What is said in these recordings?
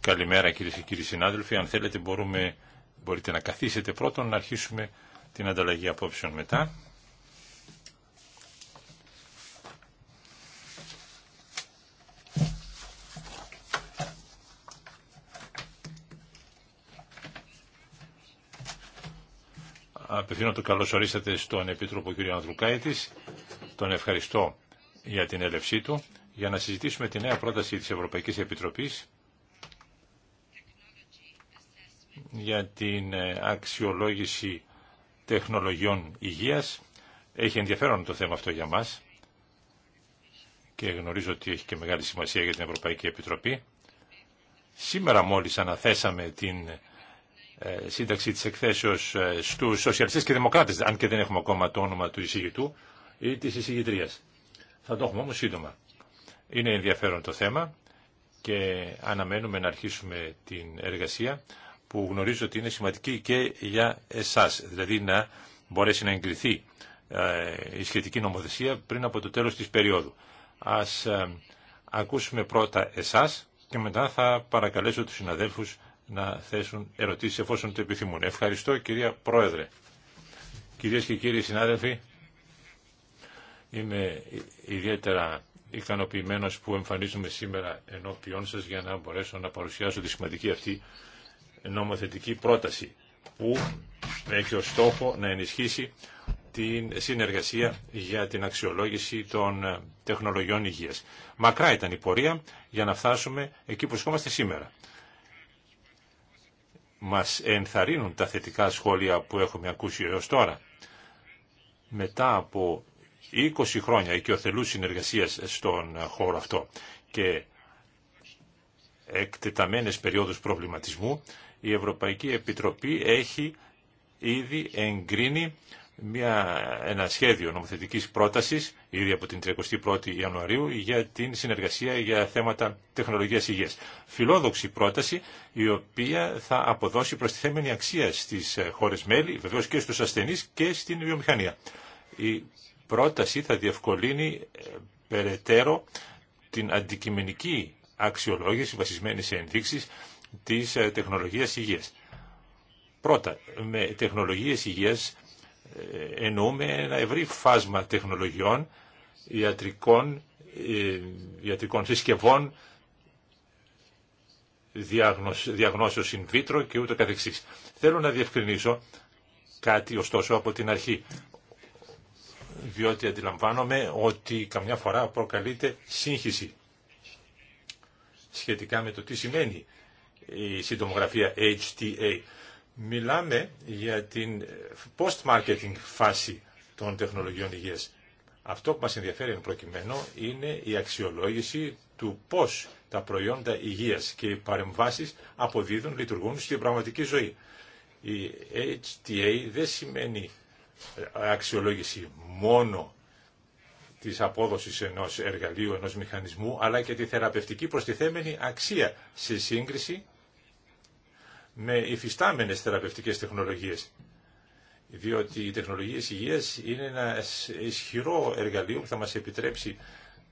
Καλημέρα κύριε και κύριοι συνάδελφοι. Αν θέλετε μπορούμε, μπορείτε να καθίσετε πρώτον να αρχίσουμε την ανταλλαγή απόψεων μετά. απευθύνω το καλώ ορίσατε στον Επίτροπο κ. Ανδρουκάητη. Τον ευχαριστώ για την έλευσή του για να συζητήσουμε τη νέα πρόταση της Ευρωπαϊκής Επιτροπής για την ε, αξιολόγηση τεχνολογιών υγείας. Έχει ενδιαφέρον το θέμα αυτό για μας και γνωρίζω ότι έχει και μεγάλη σημασία για την Ευρωπαϊκή Επιτροπή. Σήμερα μόλις αναθέσαμε την ε, σύνταξη της εκθέσεως ε, στους σοσιαλιστές και δημοκράτες, αν και δεν έχουμε ακόμα το όνομα του εισηγητού ή της εισηγητρίας. Θα το έχουμε όμως σύντομα. Είναι ενδιαφέρον το θέμα και αναμένουμε να αρχίσουμε την εργασία που γνωρίζω ότι είναι σημαντική και για εσάς, δηλαδή να μπορέσει να εγκριθεί ε, η σχετική νομοθεσία πριν από το τέλος της περίοδου. Ας ακούσουμε πρώτα εσάς και μετά θα παρακαλέσω τους συναδέλφους να θέσουν ερωτήσεις εφόσον το επιθυμούν. Ευχαριστώ κυρία Πρόεδρε. Κυρίες και κύριοι συνάδελφοι, είμαι ιδιαίτερα ικανοποιημένος που εμφανίζομαι σήμερα ενώπιόν σας για να μπορέσω να παρουσιάσω τη σημαντική αυτή νομοθετική πρόταση που έχει ως στόχο να ενισχύσει την συνεργασία για την αξιολόγηση των τεχνολογιών υγείας. Μακρά ήταν η πορεία για να φτάσουμε εκεί που βρισκόμαστε σήμερα μας ενθαρρύνουν τα θετικά σχόλια που έχουμε ακούσει έως τώρα. Μετά από 20 χρόνια οικειοθελούς συνεργασίας στον χώρο αυτό και εκτεταμένες περιόδους προβληματισμού, η Ευρωπαϊκή Επιτροπή έχει ήδη εγκρίνει μια, ένα σχέδιο νομοθετικής πρότασης ήδη από την 31η Ιανουαρίου για την συνεργασία για θέματα τεχνολογίας υγείας. Φιλόδοξη πρόταση η οποία θα αποδώσει προστιθέμενη αξία στις ε, χώρες μέλη, βεβαίως και στους ασθενείς και στην βιομηχανία. Η πρόταση θα διευκολύνει ε, περαιτέρω την αντικειμενική αξιολόγηση βασισμένη σε ενδείξεις της ε, τεχνολογίας υγείας. Πρώτα, με τεχνολογίες υγείας ε, εννοούμε ένα ευρύ φάσμα τεχνολογιών, ιατρικών, ε, ιατρικών συσκευών, διαγνώσεως in vitro και ούτω καθεξής. Θέλω να διευκρινίσω κάτι ωστόσο από την αρχή, διότι αντιλαμβάνομαι ότι καμιά φορά προκαλείται σύγχυση σχετικά με το τι σημαίνει η συντομογραφία HTA. Μιλάμε για την ε, post-marketing φάση των τεχνολογιών υγείας. Αυτό που μας ενδιαφέρει εν προκειμένου είναι η αξιολόγηση του πώς τα προϊόντα υγείας και οι παρεμβάσεις αποδίδουν, λειτουργούν στην πραγματική ζωή. Η HTA δεν σημαίνει ε, αξιολόγηση μόνο της απόδοσης ενός εργαλείου, ενός μηχανισμού, αλλά και τη θεραπευτική προστιθέμενη αξία σε σύγκριση με υφιστάμενες θεραπευτικές τεχνολογίες. Διότι οι τεχνολογίες υγείας είναι ένα ισχυρό εργαλείο που θα μας επιτρέψει,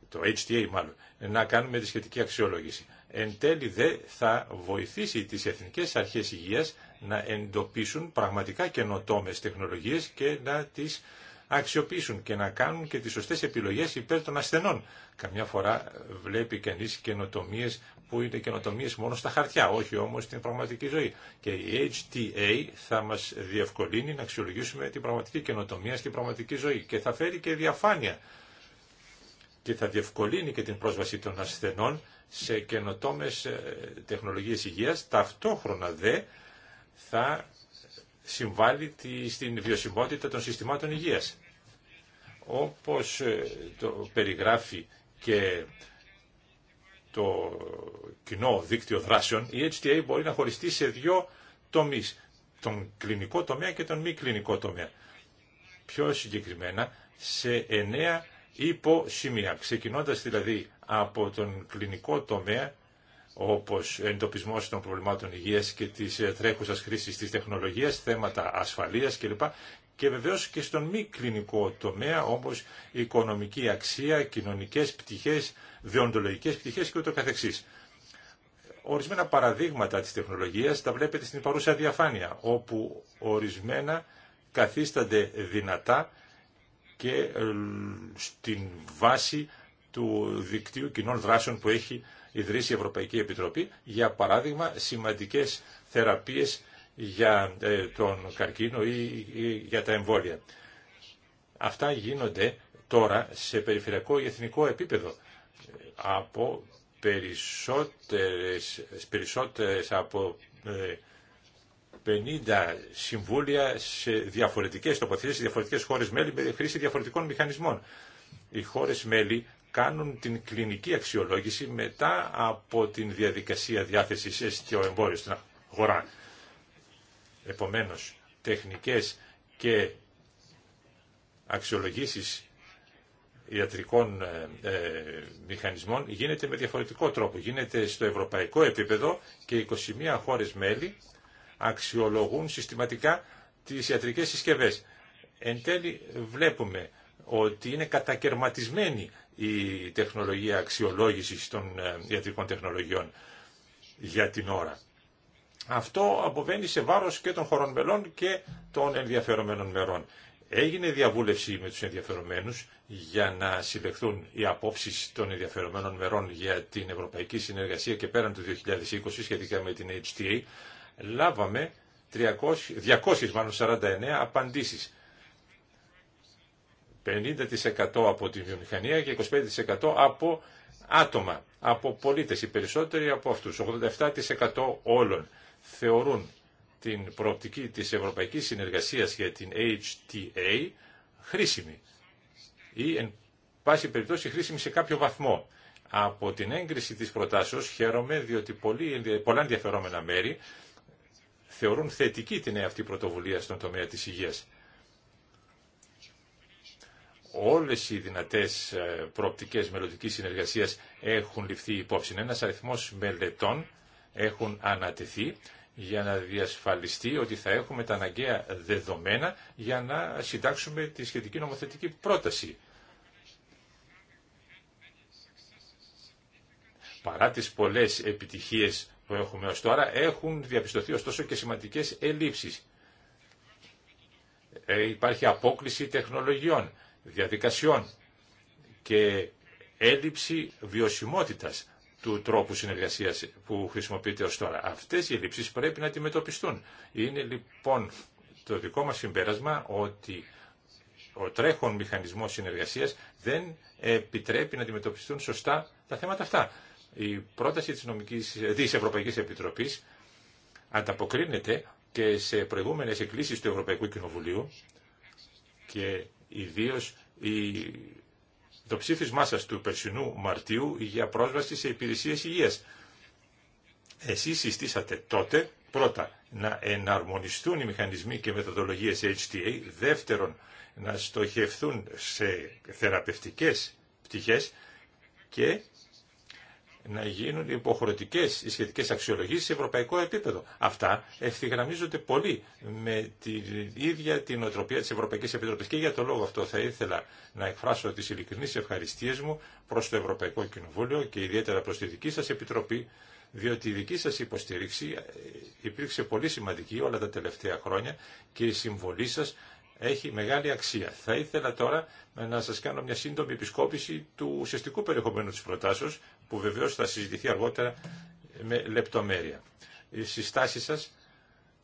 το HTA μάλλον, να κάνουμε τη σχετική αξιολόγηση. Εν τέλει δε θα βοηθήσει τις εθνικές αρχές υγείας να εντοπίσουν πραγματικά καινοτόμες τεχνολογίες και να τις αξιοποιήσουν και να κάνουν και τις σωστές επιλογές υπέρ των ασθενών. Καμιά φορά βλέπει κανείς καινοτομίες που είναι καινοτομίε μόνο στα χαρτιά, όχι όμω στην πραγματική ζωή. Και η HTA θα μα διευκολύνει να αξιολογήσουμε την πραγματική καινοτομία στην πραγματική ζωή και θα φέρει και διαφάνεια και θα διευκολύνει και την πρόσβαση των ασθενών σε καινοτόμε τεχνολογίε υγεία. Ταυτόχρονα δε θα συμβάλλει στην βιωσιμότητα των συστημάτων υγείας. Όπως ε, το περιγράφει και το κοινό δίκτυο δράσεων, η HTA μπορεί να χωριστεί σε δύο τομείς, τον κλινικό τομέα και τον μη κλινικό τομέα. Πιο συγκεκριμένα, σε εννέα υποσημεία, ξεκινώντας δηλαδή από τον κλινικό τομέα, όπως εντοπισμός των προβλημάτων υγείας και της τρέχουσας χρήσης της τεχνολογίας, θέματα ασφαλείας κλπ και βεβαίως και στον μη κλινικό τομέα, όπως οικονομική αξία, κοινωνικές πτυχές, διοντολογικές πτυχές και ούτω καθεξής. Ορισμένα παραδείγματα της τεχνολογίας τα βλέπετε στην παρούσα διαφάνεια, όπου ορισμένα καθίστανται δυνατά και ε, στην βάση του δικτύου κοινών δράσεων που έχει ιδρύσει η Ευρωπαϊκή Επιτροπή, για παράδειγμα σημαντικές θεραπείες για ε, τον καρκίνο ή για τα εμβόλια. Αυτά γίνονται τώρα σε περιφερειακό ή εθνικό επίπεδο από περισσότερες, περισσότερες από 50 ε, συμβούλια σε διαφορετικές τοποθεσίες, σε διαφορετικές χώρες μέλη με χρήση διαφορετικών μηχανισμών. Οι χώρες μέλη κάνουν την κλινική αξιολόγηση μετά από την διαδικασία διάθεσης στο εμπόριο στην αγορά. Επομένως, τεχνικές και αξιολογήσεις ιατρικών ε, ε, μηχανισμών γίνεται με διαφορετικό τρόπο. Γίνεται στο ευρωπαϊκό επίπεδο και 21 χώρες μέλη αξιολογούν συστηματικά τις ιατρικές συσκευές. Εν τέλει βλέπουμε ότι είναι κατακαιρματισμένη η τεχνολογία αξιολόγησης των ε, ιατρικών τεχνολογιών για την ώρα. Αυτό αποβαίνει σε βάρος και των χωρών μελών και των ενδιαφερομένων μερών. Έγινε διαβούλευση με τους ενδιαφερομένους για να συλλεχθούν οι απόψεις των ενδιαφερομένων μερών για την Ευρωπαϊκή Συνεργασία και πέραν του 2020 σχετικά με την HTA. Λάβαμε 300, 249 απαντήσεις. 50% από τη βιομηχανία και 25% από άτομα, από πολίτες, οι περισσότεροι από αυτούς, 87% όλων θεωρούν την προοπτική της Ευρωπαϊκής Συνεργασίας για την HTA χρήσιμη ή εν πάση περιπτώσει χρήσιμη σε κάποιο βαθμό. Από την έγκριση της προτάσεως χαίρομαι διότι πολλοί, πολλά ενδιαφερόμενα μέρη θεωρούν θετική την αυτή πρωτοβουλία στον τομέα της υγείας. Όλες οι δυνατές ε, προοπτικές μελλοντικής συνεργασίας έχουν ληφθεί υπόψη. Ένας αριθμός μελετών έχουν ανατεθεί για να διασφαλιστεί ότι θα έχουμε τα αναγκαία δεδομένα για να συντάξουμε τη σχετική νομοθετική πρόταση. Παρά τις πολλές επιτυχίες που έχουμε ως τώρα, έχουν διαπιστωθεί ωστόσο και σημαντικές ελλείψεις. Ε, υπάρχει απόκληση τεχνολογιών, διαδικασιών και έλλειψη βιωσιμότητας του τρόπου συνεργασίας που χρησιμοποιείται ως τώρα. Αυτές οι ελλείψεις πρέπει να αντιμετωπιστούν. Είναι λοιπόν το δικό μας συμπέρασμα ότι ο τρέχον μηχανισμός συνεργασίας δεν επιτρέπει να αντιμετωπιστούν σωστά τα θέματα αυτά. Η πρόταση της, νομικής, της Ευρωπαϊκής Επιτροπής ανταποκρίνεται και σε προηγούμενες εκκλήσεις του Ευρωπαϊκού Κοινοβουλίου και ιδίως η το ψήφισμά σας του περσινού Μαρτίου για πρόσβαση σε υπηρεσίες υγείας. Εσείς συστήσατε τότε, πρώτα, να εναρμονιστούν οι μηχανισμοί και μεθοδολογίες HTA, δεύτερον, να στοχευθούν σε θεραπευτικές πτυχές και να γίνουν υποχρεωτικέ οι σχετικέ αξιολογήσει σε ευρωπαϊκό επίπεδο. Αυτά ευθυγραμμίζονται πολύ με την ίδια την οτροπία τη Ευρωπαϊκή Επιτροπή και για το λόγο αυτό θα ήθελα να εκφράσω τι ειλικρινεί ευχαριστίε μου προ το Ευρωπαϊκό Κοινοβούλιο και ιδιαίτερα προ τη δική σα Επιτροπή διότι η δική σα υποστήριξη υπήρξε πολύ σημαντική όλα τα τελευταία χρόνια και η συμβολή σα έχει μεγάλη αξία. Θα ήθελα τώρα να σας κάνω μια σύντομη επισκόπηση του ουσιαστικού περιεχομένου της προτάσεως που βεβαίω θα συζητηθεί αργότερα με λεπτομέρεια. Οι συστάσεις σας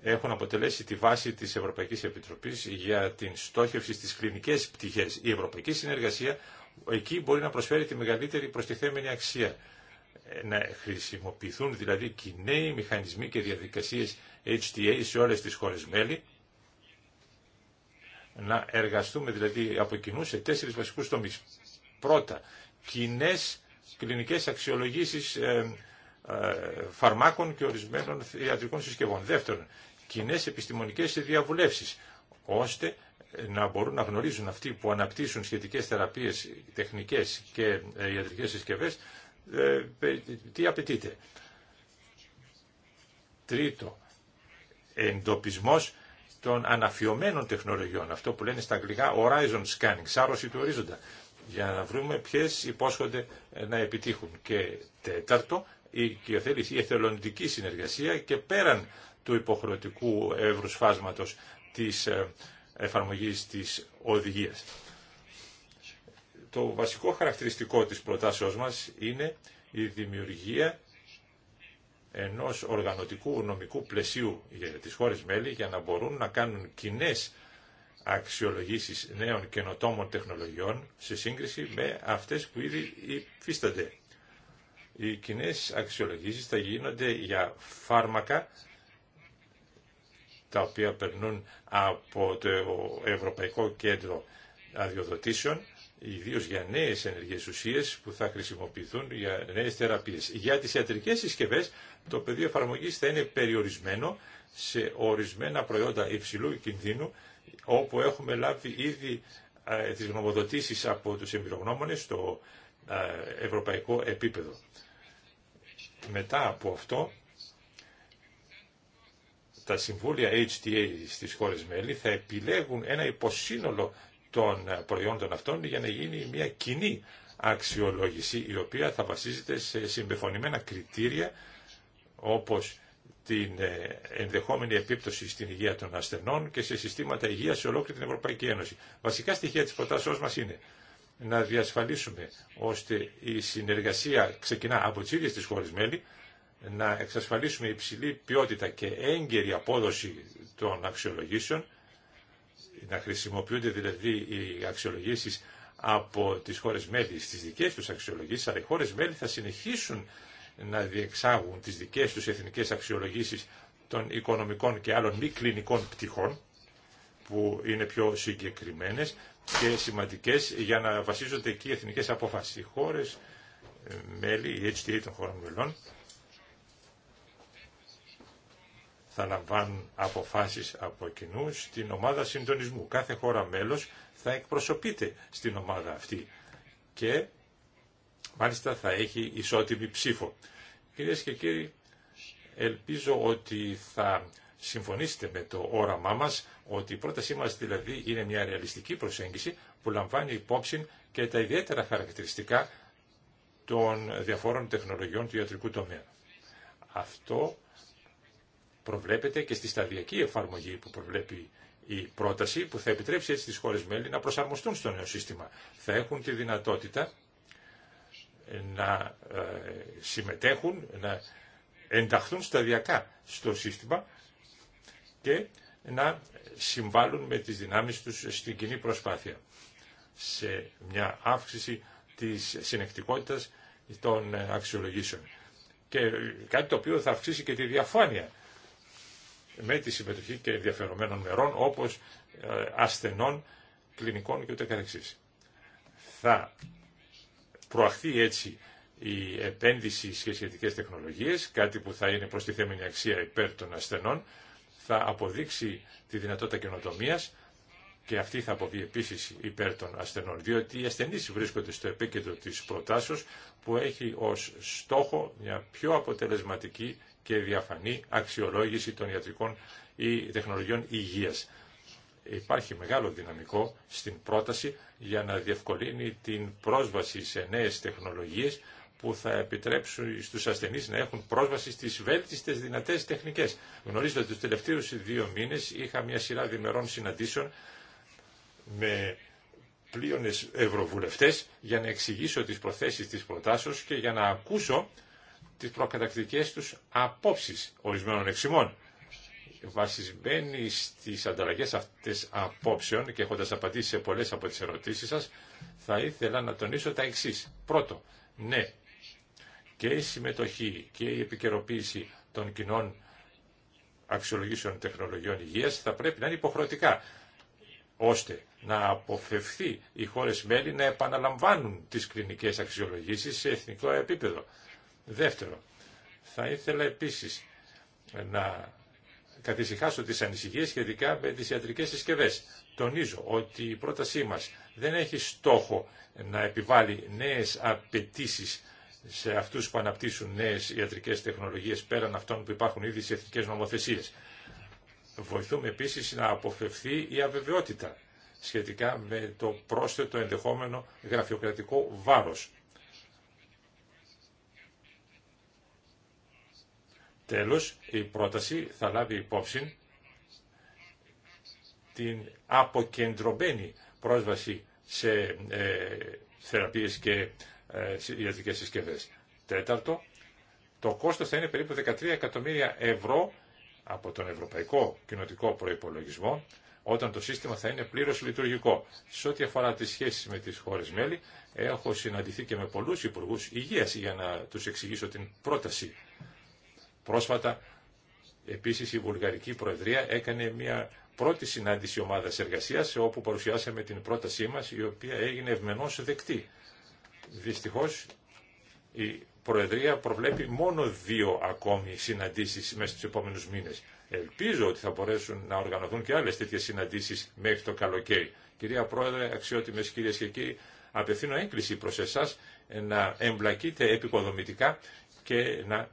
έχουν αποτελέσει τη βάση της Ευρωπαϊκής Επιτροπής για την στόχευση στις κλινικές πτυχές. Η Ευρωπαϊκή Συνεργασία εκεί μπορεί να προσφέρει τη μεγαλύτερη προστιθέμενη αξία. Να χρησιμοποιηθούν δηλαδή κοινέοι μηχανισμοί και διαδικασίες HTA σε όλες τις χώρες μέλη. Να εργαστούμε δηλαδή από κοινού σε τέσσερις βασικούς τομείς. Πρώτα, κοινέ κλινικές αξιολογήσεις ε, ε, φαρμάκων και ορισμένων ιατρικών συσκευών. Δεύτερον, κοινέ επιστημονικές διαβουλεύσεις, ώστε να μπορούν να γνωρίζουν αυτοί που αναπτύσσουν σχετικές θεραπείες, τεχνικές και ε, ιατρικές συσκευές, τι απαιτείται. Τρίτο, εντοπισμός των αναφιωμένων τεχνολογιών, αυτό που λένε στα αγγλικά horizon scanning, σάρωση του ορίζοντα για να βρούμε ποιε υπόσχονται να επιτύχουν. Και τέταρτο, η κυριοθέληση, η εθελοντική συνεργασία και πέραν του υποχρεωτικού εύρους φάσματος της ε, εφαρμογής της οδηγίας. Το βασικό χαρακτηριστικό της προτάσεώς μας είναι η δημιουργία ενός οργανωτικού νομικού πλαισίου για τις χώρες μέλη για να μπορούν να κάνουν κοινέ αξιολογήσεις νέων καινοτόμων τεχνολογιών σε σύγκριση με αυτές που ήδη υφίστανται. Οι κοινέ αξιολογήσεις θα γίνονται για φάρμακα τα οποία περνούν από το Ευρωπαϊκό Κέντρο Αδειοδοτήσεων, ιδίως για νέες ενεργές ουσίες που θα χρησιμοποιηθούν για νέες θεραπείες. Για τις ιατρικές συσκευές το πεδίο εφαρμογής θα είναι περιορισμένο σε ορισμένα προϊόντα υψηλού κινδύνου όπου έχουμε λάβει ήδη τις γνωμοδοτήσεις από τους εμπειρογνώμονες στο ευρωπαϊκό επίπεδο. Μετά από αυτό, τα συμβούλια HTA στις χώρες μέλη θα επιλέγουν ένα υποσύνολο των προϊόντων αυτών για να γίνει μια κοινή αξιολόγηση η οποία θα βασίζεται σε συμπεφωνημένα κριτήρια όπως την ε, ενδεχόμενη επίπτωση στην υγεία των ασθενών και σε συστήματα υγείας σε ολόκληρη την Ευρωπαϊκή Ένωση. Βασικά στοιχεία τη προτάσεω μα είναι να διασφαλίσουμε ώστε η συνεργασία ξεκινά από τι ίδιε τι χώρε μέλη, να εξασφαλίσουμε υψηλή ποιότητα και έγκαιρη απόδοση των αξιολογήσεων, να χρησιμοποιούνται δηλαδή οι αξιολογήσει από τις χώρες μέλη στις δικές τους αξιολογήσεις, αλλά οι χώρες μέλη θα συνεχίσουν να διεξάγουν τις δικές τους εθνικές αξιολογήσεις των οικονομικών και άλλων μη κλινικών πτυχών, που είναι πιο συγκεκριμένες και σημαντικές για να βασίζονται εκεί οι εθνικές αποφάσεις. Οι χώρες, ε, μέλη, η HTA των χωρών μελών, θα λαμβάνουν αποφάσεις από κοινού στην ομάδα συντονισμού. Κάθε χώρα μέλος θα εκπροσωπείται στην ομάδα αυτή και μάλιστα θα έχει ισότιμη ψήφο. Κυρίες και κύριοι, ελπίζω ότι θα συμφωνήσετε με το όραμά μας, ότι η πρότασή μας δηλαδή είναι μια ρεαλιστική προσέγγιση που λαμβάνει υπόψη και τα ιδιαίτερα χαρακτηριστικά των διαφόρων τεχνολογιών του ιατρικού τομέα. Αυτό προβλέπεται και στη σταδιακή εφαρμογή που προβλέπει η πρόταση που θα επιτρέψει έτσι τις χώρες μέλη να προσαρμοστούν στο νέο σύστημα. Θα έχουν τη δυνατότητα να ε, συμμετέχουν, να ενταχθούν σταδιακά στο σύστημα και να συμβάλλουν με τις δυνάμεις τους στην κοινή προσπάθεια σε μια αύξηση της συνεκτικότητας των αξιολογήσεων. Και κάτι το οποίο θα αυξήσει και τη διαφάνεια με τη συμμετοχή και ενδιαφερομένων μερών όπως ε, ασθενών, κλινικών και ούτε καθεξής. Θα προαχθεί έτσι η επένδυση σε σχετικές τεχνολογίες, κάτι που θα είναι προστιθέμενη αξία υπέρ των ασθενών, θα αποδείξει τη δυνατότητα καινοτομία και αυτή θα αποβεί επίση υπέρ των ασθενών, διότι οι ασθενείς βρίσκονται στο επίκεντρο της προτάσεως που έχει ως στόχο μια πιο αποτελεσματική και διαφανή αξιολόγηση των ιατρικών ή τεχνολογιών υγείας υπάρχει μεγάλο δυναμικό στην πρόταση για να διευκολύνει την πρόσβαση σε νέες τεχνολογίες που θα επιτρέψουν στους ασθενείς να έχουν πρόσβαση στις βέλτιστες δυνατές τεχνικές. Γνωρίζετε ότι τους τελευταίους δύο μήνες είχα μια σειρά διμερών συναντήσεων με πλήρωνες ευρωβουλευτές για να εξηγήσω τις προθέσεις της προτάσεως και για να ακούσω τις προκατακτικές τους απόψεις ορισμένων εξημών βασισμένη στις ανταλλαγές αυτές απόψεων και έχοντας απαντήσει σε πολλές από τις ερωτήσεις σας, θα ήθελα να τονίσω τα εξής. Πρώτο, ναι, και η συμμετοχή και η επικαιροποίηση των κοινών αξιολογήσεων τεχνολογιών υγείας θα πρέπει να είναι υποχρεωτικά, ώστε να αποφευθεί οι χώρες μέλη να επαναλαμβάνουν τις κλινικές αξιολογήσεις σε εθνικό επίπεδο. Δεύτερο, θα ήθελα επίσης να καθησυχάσω τις ανησυχίες σχετικά με τις ιατρικές συσκευές. Τονίζω ότι η πρότασή μας δεν έχει στόχο να επιβάλλει νέες απαιτήσει σε αυτούς που αναπτύσσουν νέες ιατρικές τεχνολογίες πέραν αυτών που υπάρχουν ήδη σε εθνικές νομοθεσίες. Βοηθούμε επίσης να αποφευθεί η αβεβαιότητα σχετικά με το πρόσθετο ενδεχόμενο γραφειοκρατικό βάρος Τέλος, η πρόταση θα λάβει υπόψη την αποκεντρωμένη πρόσβαση σε ε, θεραπείες και ε, ιατρικές συσκευές. Τέταρτο, το κόστος θα είναι περίπου 13 εκατομμύρια ευρώ από τον Ευρωπαϊκό Κοινοτικό Προϋπολογισμό όταν το σύστημα θα είναι πλήρως λειτουργικό. Σε ό,τι αφορά τις σχέσεις με τις χώρες μέλη, έχω συναντηθεί και με πολλούς υπουργούς υγείας για να τους εξηγήσω την πρόταση Πρόσφατα, επίσης, η Βουλγαρική Προεδρία έκανε μια πρώτη συνάντηση ομάδας εργασίας, όπου παρουσιάσαμε την πρότασή μας, η οποία έγινε ευμενώς δεκτή. Δυστυχώς, η Προεδρία προβλέπει μόνο δύο ακόμη συναντήσεις μέσα στους επόμενους μήνες. Ελπίζω ότι θα μπορέσουν να οργανωθούν και άλλες τέτοιες συναντήσεις μέχρι το καλοκαίρι. Κυρία Πρόεδρε, αξιότιμες κυρίες και κύριοι, απευθύνω έκκληση προ εσά να εμπλακείτε επικοδομητικά και να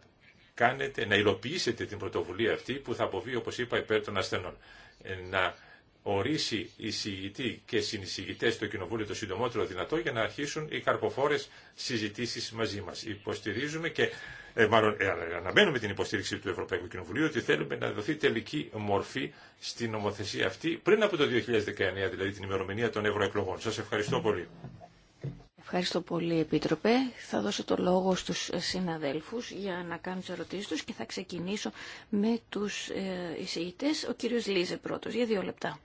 κάνετε, να υλοποιήσετε την πρωτοβουλία αυτή που θα αποβεί, όπως είπα, υπέρ των ασθενών. Ε, να ορίσει εισηγητή και συνεισηγητέ στο Κοινοβούλιο το συντομότερο δυνατό για να αρχίσουν οι καρποφόρε συζητήσει μαζί μα. Υποστηρίζουμε και ε, μάλλον, ε, αναμένουμε την υποστήριξη του Ευρωπαϊκού Κοινοβουλίου ότι θέλουμε να δοθεί τελική μορφή στην νομοθεσία αυτή πριν από το 2019, δηλαδή την ημερομηνία των ευρωεκλογών. Σα ευχαριστώ πολύ. Ευχαριστώ πολύ, Επίτροπε. Θα δώσω το λόγο στους συναδέλφους για να κάνουν τις ερωτήσεις τους και θα ξεκινήσω με τους ε, εισηγητές. Ο κύριος Λίζε πρώτος, για δύο λεπτά.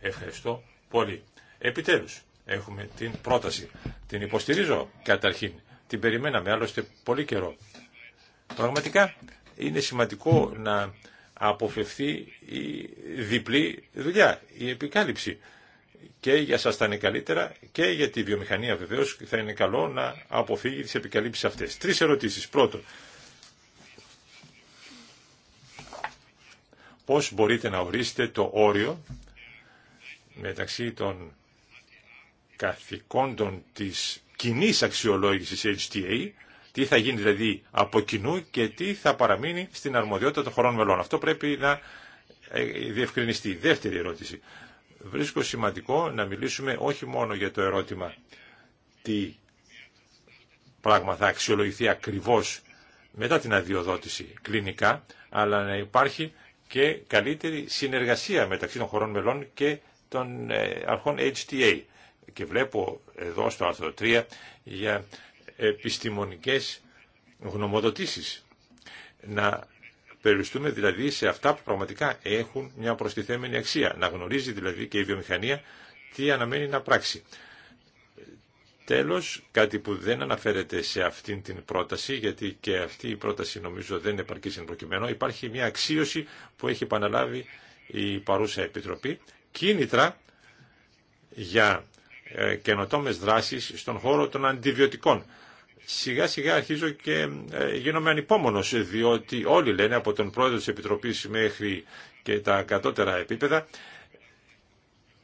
Ευχαριστώ πολύ. Επιτέλους, έχουμε την πρόταση. Την υποστηρίζω καταρχήν. Την περιμέναμε άλλωστε πολύ καιρό. Πραγματικά είναι σημαντικό να αποφευθεί η διπλή δουλειά, η επικάλυψη και για σας θα είναι καλύτερα και για τη βιομηχανία βεβαίως θα είναι καλό να αποφύγει τις επικαλύψεις αυτές. Τρεις ερωτήσεις. Πρώτον, πώς μπορείτε να ορίσετε το όριο μεταξύ των καθηκόντων της κοινή αξιολόγησης HTA, τι θα γίνει δηλαδή από κοινού και τι θα παραμείνει στην αρμοδιότητα των χωρών μελών. Αυτό πρέπει να ε, διευκρινιστεί. Δεύτερη ερώτηση βρίσκω σημαντικό να μιλήσουμε όχι μόνο για το ερώτημα τι πράγμα θα αξιολογηθεί ακριβώς μετά την αδειοδότηση κλινικά, αλλά να υπάρχει και καλύτερη συνεργασία μεταξύ των χωρών μελών και των ε, αρχών HTA. Και βλέπω εδώ στο άρθρο 3 για επιστημονικές γνωμοδοτήσεις. Να Περιοριστούμε δηλαδή σε αυτά που πραγματικά έχουν μια προστιθέμενη αξία. Να γνωρίζει δηλαδή και η βιομηχανία τι αναμένει να πράξει. Τέλος, κάτι που δεν αναφέρεται σε αυτήν την πρόταση, γιατί και αυτή η πρόταση νομίζω δεν είναι επαρκή εν υπάρχει μια αξίωση που έχει επαναλάβει η παρούσα Επιτροπή, κίνητρα για ε, καινοτόμες δράσεις στον χώρο των αντιβιωτικών σιγά σιγά αρχίζω και ε, γίνομαι ανυπόμονος διότι όλοι λένε από τον πρόεδρο της Επιτροπής μέχρι και τα κατώτερα επίπεδα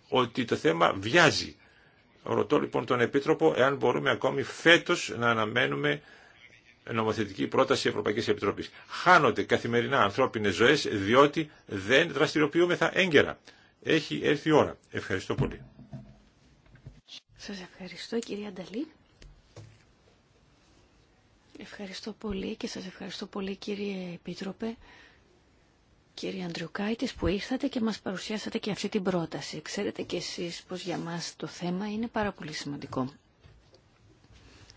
ότι το θέμα βιάζει. Ρωτώ λοιπόν τον Επίτροπο εάν μπορούμε ακόμη φέτος να αναμένουμε νομοθετική πρόταση Ευρωπαϊκής Επιτροπής. Χάνονται καθημερινά ανθρώπινες ζωές διότι δεν δραστηριοποιούμεθα έγκαιρα. Έχει έρθει η ώρα. Ευχαριστώ πολύ. Σας ευχαριστώ κυρία Νταλή. Ευχαριστώ πολύ και σας ευχαριστώ πολύ κύριε Επίτροπε, κύριε Αντριουκάητης που ήρθατε και μας παρουσιάσατε και αυτή την πρόταση. Ξέρετε και εσείς πως για μας το θέμα είναι πάρα πολύ σημαντικό.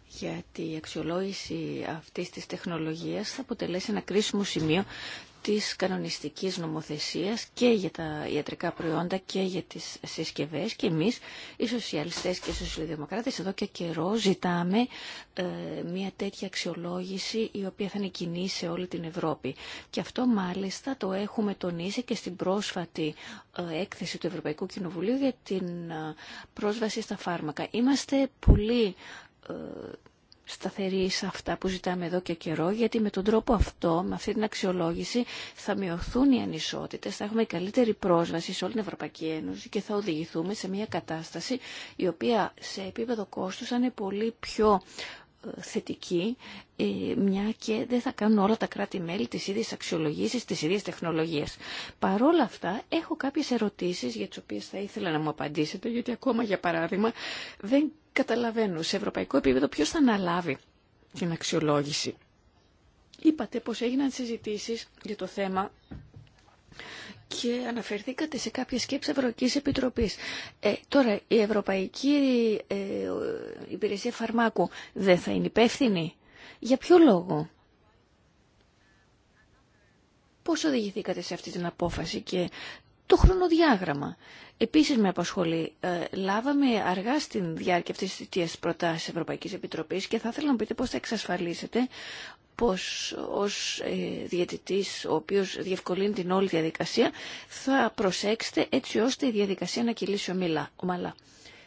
Γιατί η αξιολόγηση αυτής της τεχνολογίας θα αποτελέσει ένα κρίσιμο σημείο της κανονιστικής νομοθεσίας και για τα ιατρικά προϊόντα και για τις συσκευές και εμείς οι σοσιαλιστές και οι σοσιαλδημοκράτες εδώ και καιρό ζητάμε ε, μια τέτοια αξιολόγηση η οποία θα είναι κοινή σε όλη την Ευρώπη. Και αυτό μάλιστα το έχουμε τονίσει και στην πρόσφατη ε, έκθεση του Ευρωπαϊκού Κοινοβουλίου για την ε, πρόσβαση στα φάρμακα. Είμαστε πολύ σταθερή σε αυτά που ζητάμε εδώ και καιρό, γιατί με τον τρόπο αυτό, με αυτή την αξιολόγηση, θα μειωθούν οι ανισότητες, θα έχουμε καλύτερη πρόσβαση σε όλη την Ευρωπαϊκή Ένωση και θα οδηγηθούμε σε μια κατάσταση η οποία σε επίπεδο κόστους θα είναι πολύ πιο ε, θετική, ε, μια και δεν θα κάνουν όλα τα κράτη-μέλη τις ίδιες αξιολογήσεις, τις ίδιες τεχνολογίες. Παρόλα αυτά, έχω κάποιες ερωτήσεις για τις οποίες θα ήθελα να μου απαντήσετε, γιατί ακόμα, για παράδειγμα, δεν καταλαβαίνω σε ευρωπαϊκό επίπεδο ποιο θα αναλάβει την αξιολόγηση. Είπατε πως έγιναν συζητήσεις για το θέμα και αναφερθήκατε σε κάποιες σκέψη Ευρωπαϊκής Επιτροπής. Ε, τώρα, η Ευρωπαϊκή ε, Υπηρεσία Φαρμάκου δεν θα είναι υπεύθυνη. Για ποιο λόγο. Πώς οδηγηθήκατε σε αυτή την απόφαση και το χρονοδιάγραμμα. Επίσης με απασχολεί, ε, λάβαμε αργά στην διάρκεια αυτής της θητείας προτάσεις Ευρωπαϊκής Επιτροπής και θα ήθελα να πείτε πώς θα εξασφαλίσετε πως ως ε, διαιτητής ο οποίος διευκολύνει την όλη διαδικασία θα προσέξετε έτσι ώστε η διαδικασία να κυλήσει ομιλά, ομαλά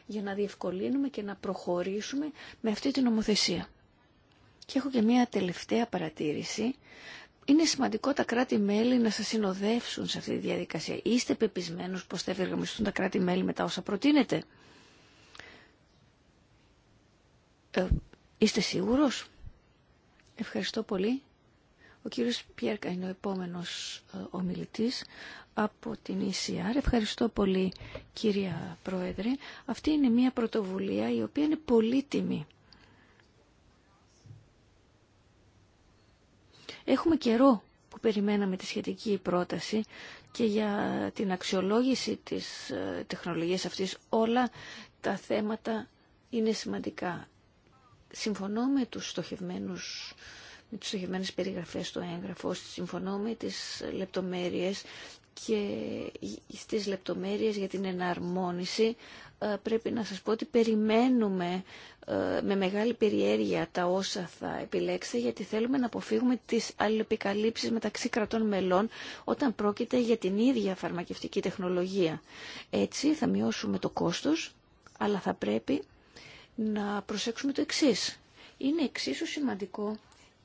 για να διευκολύνουμε και να προχωρήσουμε με αυτή την νομοθεσία. Και έχω και μία τελευταία παρατήρηση είναι σημαντικό τα κράτη-μέλη να σας συνοδεύσουν σε αυτή τη διαδικασία. Είστε πεπισμένους πως θα ευεργαμιστούν τα κράτη-μέλη μετά όσα προτείνετε. Ε, είστε σίγουρος. Ευχαριστώ πολύ. Ο κύριος Πιέρκα είναι ο επόμενος ε, ομιλητής από την ECR. Ευχαριστώ πολύ κυρία Πρόεδρε. Αυτή είναι μια πρωτοβουλία η οποία είναι πολύτιμη. Έχουμε καιρό που περιμέναμε τη σχετική πρόταση και για την αξιολόγηση της ε, τεχνολογίας αυτής όλα τα θέματα είναι σημαντικά. Συμφωνώ με τους στοχευμένους με τις στοχευμένες περιγραφές στο έγγραφο, συμφωνώ με τις λεπτομέρειες και στις λεπτομέρειες για την εναρμόνιση ε, πρέπει να σας πω ότι περιμένουμε ε, με μεγάλη περιέργεια τα όσα θα επιλέξετε γιατί θέλουμε να αποφύγουμε τις αλληλοπικαλύψεις μεταξύ κρατών μελών όταν πρόκειται για την ίδια φαρμακευτική τεχνολογία. Έτσι θα μειώσουμε το κόστος αλλά θα πρέπει να προσέξουμε το εξής. Είναι εξίσου σημαντικό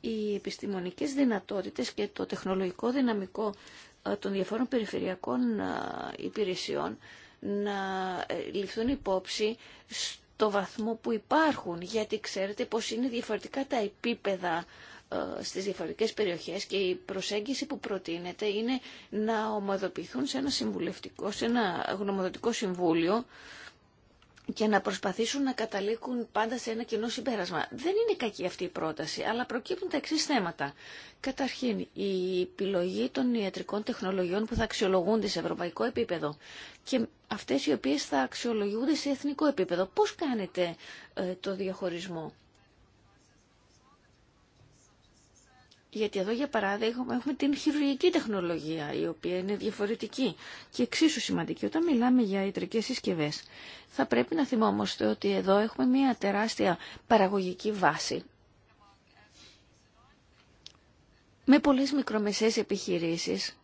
οι επιστημονικές δυνατότητες και το τεχνολογικό δυναμικό ε, των διαφόρων περιφερειακών ε, υπηρεσιών να ε, ληφθούν υπόψη στο βαθμό που υπάρχουν, γιατί ξέρετε πως είναι διαφορετικά τα επίπεδα στις διαφορετικές περιοχές και η προσέγγιση που προτείνεται είναι να ομαδοποιηθούν σε ένα συμβουλευτικό, σε ένα γνωμοδοτικό συμβούλιο και να προσπαθήσουν να καταλήγουν πάντα σε ένα κοινό συμπέρασμα. Δεν είναι κακή αυτή η πρόταση, αλλά προκύπτουν τα εξή θέματα. Καταρχήν, η επιλογή των ιατρικών τεχνολογιών που θα αξιολογούνται σε ευρωπαϊκό επίπεδο και αυτές οι οποίες θα αξιολογούνται σε εθνικό επίπεδο. Πώς κάνετε ε, το διαχωρισμό. Γιατί εδώ, για παράδειγμα, έχουμε την χειρουργική τεχνολογία, η οποία είναι διαφορετική και εξίσου σημαντική. Όταν μιλάμε για ιατρικές συσκευές, θα πρέπει να θυμόμαστε ότι εδώ έχουμε μια τεράστια παραγωγική βάση, με πολλές μικρομεσαίες επιχειρήσεις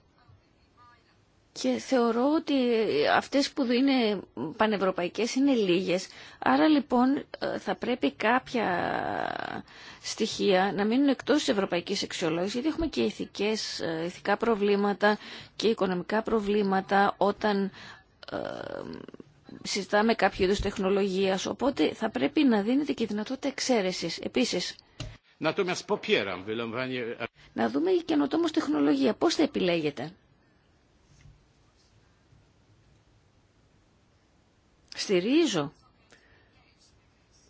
και θεωρώ ότι αυτές που είναι πανευρωπαϊκές είναι λίγες. Άρα λοιπόν ε, θα πρέπει κάποια στοιχεία να μείνουν εκτός της ευρωπαϊκής αξιολόγησης γιατί έχουμε και ηθικές, ε, ηθικά προβλήματα και οικονομικά προβλήματα όταν ε, συζητάμε κάποιο είδους τεχνολογίας. Οπότε θα πρέπει να δίνεται και δυνατότητα εξαίρεσης. Επίσης, να δούμε η καινοτόμως τεχνολογία. Πώς θα επιλέγεται. Στηρίζω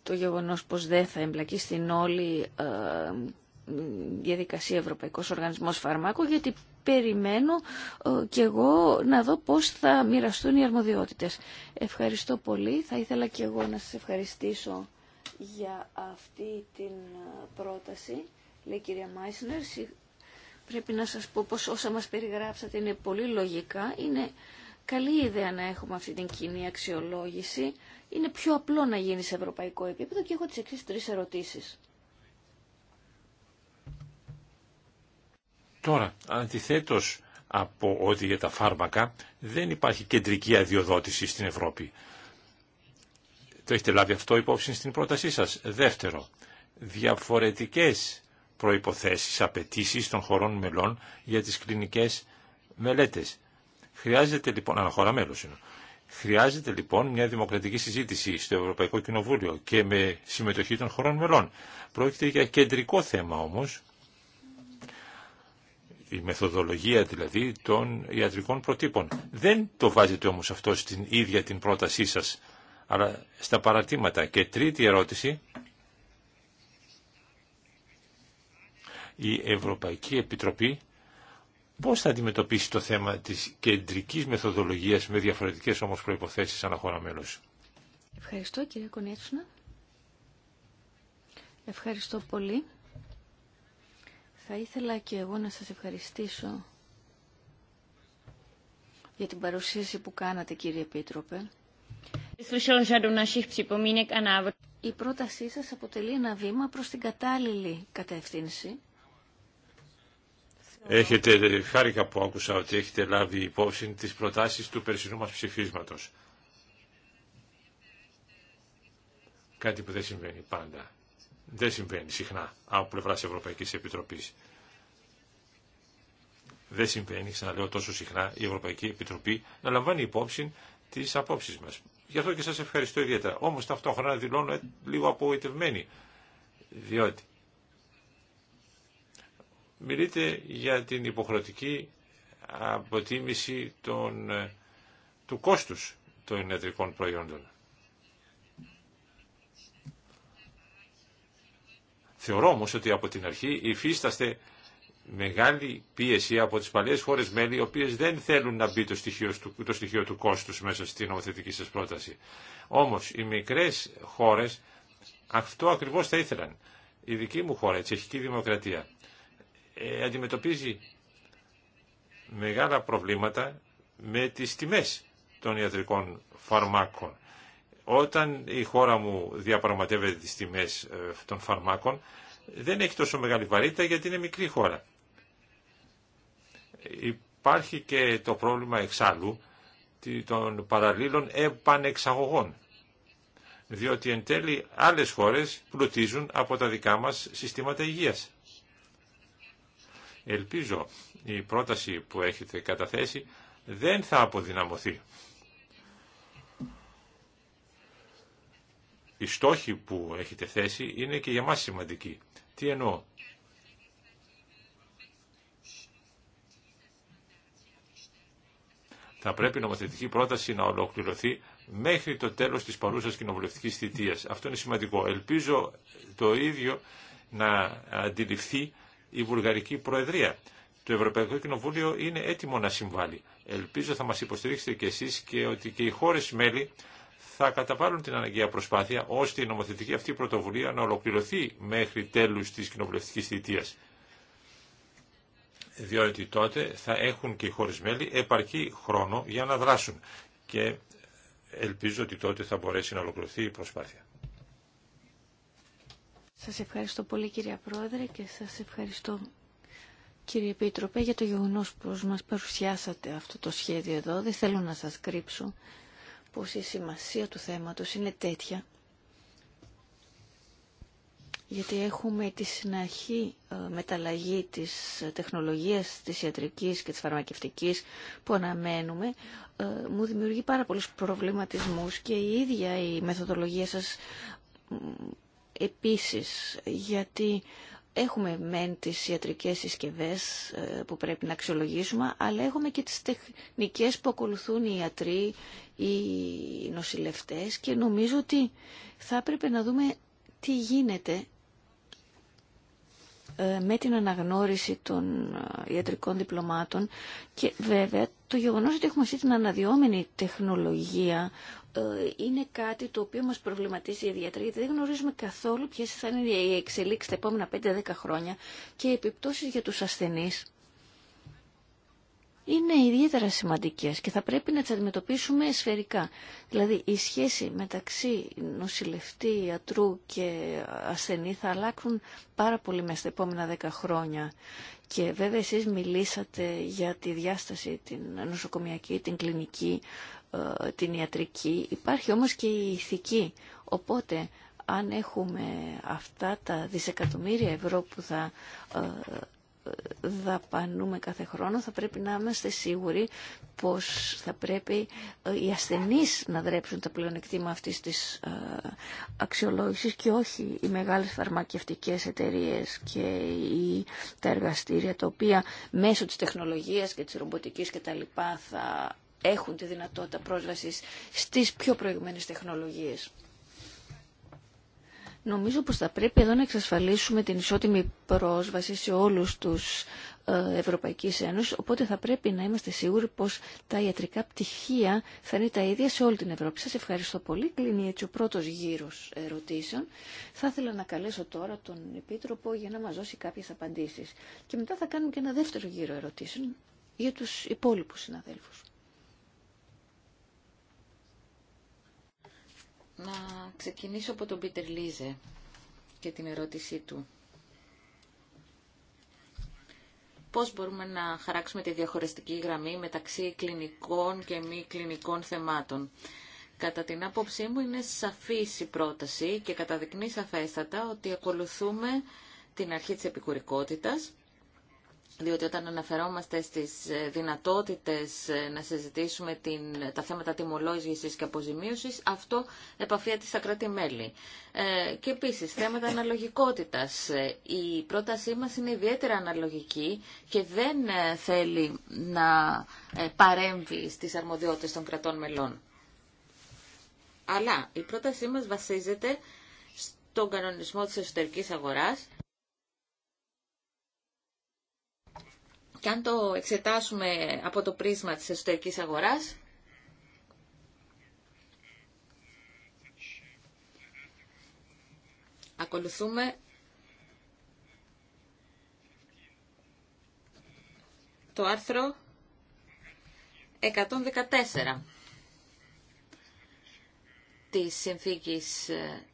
το γεγονός πως δεν θα εμπλακεί στην όλη ε, διαδικασία Ευρωπαϊκός Οργανισμός Φαρμάκου γιατί περιμένω ε, και εγώ να δω πώς θα μοιραστούν οι αρμοδιότητες. Ευχαριστώ πολύ. Θα ήθελα και εγώ να σας ευχαριστήσω για αυτή την ε, πρόταση, λέει η κυρία Μάισνερ. Πρέπει να σας πω πως όσα μας περιγράψατε είναι πολύ λογικά. Είναι Καλή ιδέα να έχουμε αυτή την κοινή αξιολόγηση. Είναι πιο απλό να γίνει σε ευρωπαϊκό επίπεδο και έχω τις εξής τρεις ερωτήσεις. Τώρα, αντιθέτως από ότι για τα φάρμακα δεν υπάρχει κεντρική αδειοδότηση στην Ευρώπη. Το έχετε λάβει αυτό υπόψη στην πρότασή σας. Δεύτερο, διαφορετικές προϋποθέσεις, απαιτήσει των χωρών μελών για τις κλινικές μελέτες. Χρειάζεται λοιπόν, είναι, χρειάζεται λοιπόν μια δημοκρατική συζήτηση στο Ευρωπαϊκό Κοινοβούλιο και με συμμετοχή των χωρών μελών. Πρόκειται για κεντρικό θέμα όμως, η μεθοδολογία δηλαδή των ιατρικών προτύπων. Δεν το βάζετε όμως αυτό στην ίδια την πρότασή σας, αλλά στα παρατήματα. Και τρίτη ερώτηση, η Ευρωπαϊκή Επιτροπή Πώς θα αντιμετωπίσει το θέμα της κεντρικής μεθοδολογίας με διαφορετικές όμως προϋποθέσεις αναχώρα μέλος. Ευχαριστώ κύριε Κονέτσουνα. Ευχαριστώ πολύ. Θα ήθελα και εγώ να σας ευχαριστήσω για την παρουσίαση που κάνατε κύριε Επίτροπε. Η πρότασή σας αποτελεί ένα βήμα προς την κατάλληλη κατεύθυνση Έχετε, χάρηκα που άκουσα ότι έχετε λάβει υπόψη τις προτάσεις του περσινού μας ψηφίσματος. Κάτι που δεν συμβαίνει πάντα. Δεν συμβαίνει συχνά από πλευράς Ευρωπαϊκής Επιτροπής. Δεν συμβαίνει, ξαναλέω τόσο συχνά, η Ευρωπαϊκή Επιτροπή να λαμβάνει υπόψη τις απόψεις μας. Γι' αυτό και σας ευχαριστώ ιδιαίτερα. Όμως ταυτόχρονα δηλώνω ε, λίγο απογοητευμένη, διότι Μιλείτε για την υποχρεωτική αποτίμηση των, ε, του κόστους των ιατρικών προϊόντων. Θεωρώ όμως ότι από την αρχή υφίσταστε μεγάλη πίεση από τις παλιές χώρες μέλη, οι οποίες δεν θέλουν να μπει το στοιχείο, το στοιχείο του κόστους μέσα στην νομοθετική σας πρόταση. Όμως οι μικρές χώρες αυτό ακριβώς θα ήθελαν. Η δική μου χώρα, η Τσεχική Δημοκρατία, ε, αντιμετωπίζει μεγάλα προβλήματα με τις τιμές των ιατρικών φαρμάκων. Όταν η χώρα μου διαπραγματεύεται τις τιμές ε, των φαρμάκων, δεν έχει τόσο μεγάλη βαρύτητα γιατί είναι μικρή χώρα. Υπάρχει και το πρόβλημα εξάλλου των παραλλήλων επανεξαγωγών. Διότι εν τέλει άλλες χώρες πλουτίζουν από τα δικά μας συστήματα υγείας. Ελπίζω η πρόταση που έχετε καταθέσει δεν θα αποδυναμωθεί. Οι στόχοι που έχετε θέσει είναι και για μας σημαντικοί. Τι εννοώ. Θα πρέπει η νομοθετική πρόταση να ολοκληρωθεί μέχρι το τέλος της παρούσας κοινοβουλευτικής θητείας. Αυτό είναι σημαντικό. Ελπίζω το ίδιο να αντιληφθεί η Βουλγαρική Προεδρία. Το Ευρωπαϊκό Κοινοβούλιο είναι έτοιμο να συμβάλλει. Ελπίζω θα μας υποστηρίξετε και εσείς και ότι και οι χώρες μέλη θα καταβάλουν την αναγκαία προσπάθεια ώστε η νομοθετική αυτή πρωτοβουλία να ολοκληρωθεί μέχρι τέλους της κοινοβουλευτικής θητείας. Διότι τότε θα έχουν και οι χώρες μέλη επαρκή χρόνο για να δράσουν και ελπίζω ότι τότε θα μπορέσει να ολοκληρωθεί η προσπάθεια. Σας ευχαριστώ πολύ κυρία Πρόεδρε και σας ευχαριστώ κύριε Επίτροπε για το γεγονός που μας παρουσιάσατε αυτό το σχέδιο εδώ. Δεν θέλω να σας κρύψω πως η σημασία του θέματος είναι τέτοια γιατί έχουμε τη συναχή ε, μεταλλαγή της τεχνολογίας της ιατρικής και της φαρμακευτικής που αναμένουμε ε, μου δημιουργεί πάρα πολλούς προβληματισμούς και η ίδια η μεθοδολογία σας επίσης γιατί έχουμε μεν τις ιατρικές συσκευές ε, που πρέπει να αξιολογήσουμε, αλλά έχουμε και τις τεχνικές που ακολουθούν οι ιατροί, οι νοσηλευτές και νομίζω ότι θα έπρεπε να δούμε τι γίνεται ε, με την αναγνώριση των ε, ιατρικών διπλωμάτων και βέβαια το γεγονός ότι έχουμε αυτή την αναδυόμενη τεχνολογία ε, είναι κάτι το οποίο μας προβληματίζει ιδιαίτερα γιατί δεν γνωρίζουμε καθόλου ποιες θα είναι οι εξελίξεις τα επόμενα 5-10 χρόνια και οι επιπτώσεις για τους ασθενείς είναι ιδιαίτερα σημαντικές και θα πρέπει να τις αντιμετωπίσουμε σφαιρικά. Δηλαδή η σχέση μεταξύ νοσηλευτή, ιατρού και ασθενή θα αλλάξουν πάρα πολύ μέσα στα επόμενα 10 χρόνια. Και βέβαια εσείς μιλήσατε για τη διάσταση την νοσοκομιακή, την κλινική, ε, την ιατρική, υπάρχει όμως και η ηθική. Οπότε, αν έχουμε αυτά τα δισεκατομμύρια ευρώ που θα ε, δαπανούμε κάθε χρόνο, θα πρέπει να είμαστε σίγουροι πως θα πρέπει ε, οι ασθενείς να δρέψουν τα πλεονεκτήμα αυτής της αξιολόγησης και όχι οι μεγάλες φαρμακευτικές εταιρείες και οι, τα εργαστήρια τα οποία μέσω της τεχνολογίας και της ρομποτικής και τα λοιπά θα έχουν τη δυνατότητα πρόσβασης στις πιο προηγμένες τεχνολογίες. Νομίζω πως θα πρέπει εδώ να εξασφαλίσουμε την ισότιμη πρόσβαση σε όλους τους ε, Ευρωπαϊκής Ένωσης, οπότε θα πρέπει να είμαστε σίγουροι πως τα ιατρικά πτυχία θα είναι τα ίδια σε όλη την Ευρώπη. Σας ευχαριστώ πολύ. Κλείνει έτσι ο πρώτος γύρος ερωτήσεων. Θα ήθελα να καλέσω τώρα τον Επίτροπο για να μας δώσει κάποιες απαντήσεις. Και μετά θα κάνουμε και ένα δεύτερο γύρο ερωτήσεων για τους υπόλοιπους συναδέλφους. Να ξεκινήσω από τον Πίτερ Λίζε και την ερώτησή του. Πώς μπορούμε να χαράξουμε τη διαχωριστική γραμμή μεταξύ κλινικών και μη κλινικών θεμάτων. Κατά την άποψή μου είναι σαφής η πρόταση και καταδεικνύει σαφέστατα ότι ακολουθούμε την αρχή της επικουρικότητας διότι όταν αναφερόμαστε στις ε, δυνατότητες ε, να συζητήσουμε την, τα θέματα τιμολόγησης και αποζημίωσης, αυτό επαφίεται στα κράτη-μέλη. Ε, και επίσης, θέματα αναλογικότητας. Η πρότασή μας είναι ιδιαίτερα αναλογική και δεν θέλει να παρέμβει στις αρμοδιότητες των κρατών μελών. Αλλά η πρότασή μας βασίζεται στον κανονισμό της εσωτερικής αγοράς Και αν το εξετάσουμε από το πρίσμα της εσωτερικής αγοράς, ακολουθούμε το άρθρο 114 της Συνθήκης ε,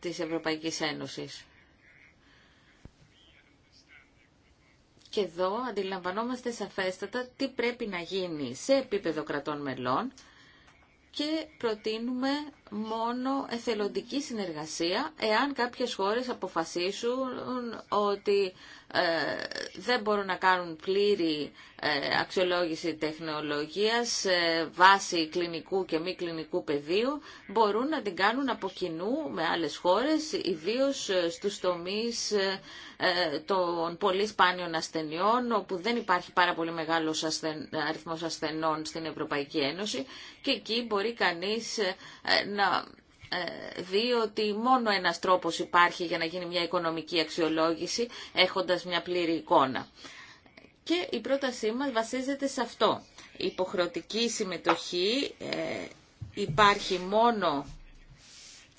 της Ευρωπαϊκής Ένωσης. Και εδώ αντιλαμβανόμαστε σαφέστατα τι πρέπει να γίνει σε επίπεδο κρατών μελών και προτείνουμε μόνο εθελοντική συνεργασία εάν κάποιες χώρες αποφασίσουν ότι ε, δεν μπορούν να κάνουν πλήρη ε, αξιολόγηση τεχνολογίας ε, βάσει κλινικού και μη κλινικού πεδίου, μπορούν να την κάνουν από κοινού με άλλες χώρες, ιδίως στους τομείς των πολύ σπάνιων ασθενειών, όπου δεν υπάρχει πάρα πολύ μεγάλος ασθεν... αριθμός ασθενών στην Ευρωπαϊκή Ένωση και εκεί μπορεί κανείς να ε, δει ότι μόνο ένας τρόπος υπάρχει για να γίνει μια οικονομική αξιολόγηση έχοντας μια πλήρη εικόνα. Και η πρότασή μας βασίζεται σε αυτό. Η υποχρεωτική συμμετοχή ε, υπάρχει μόνο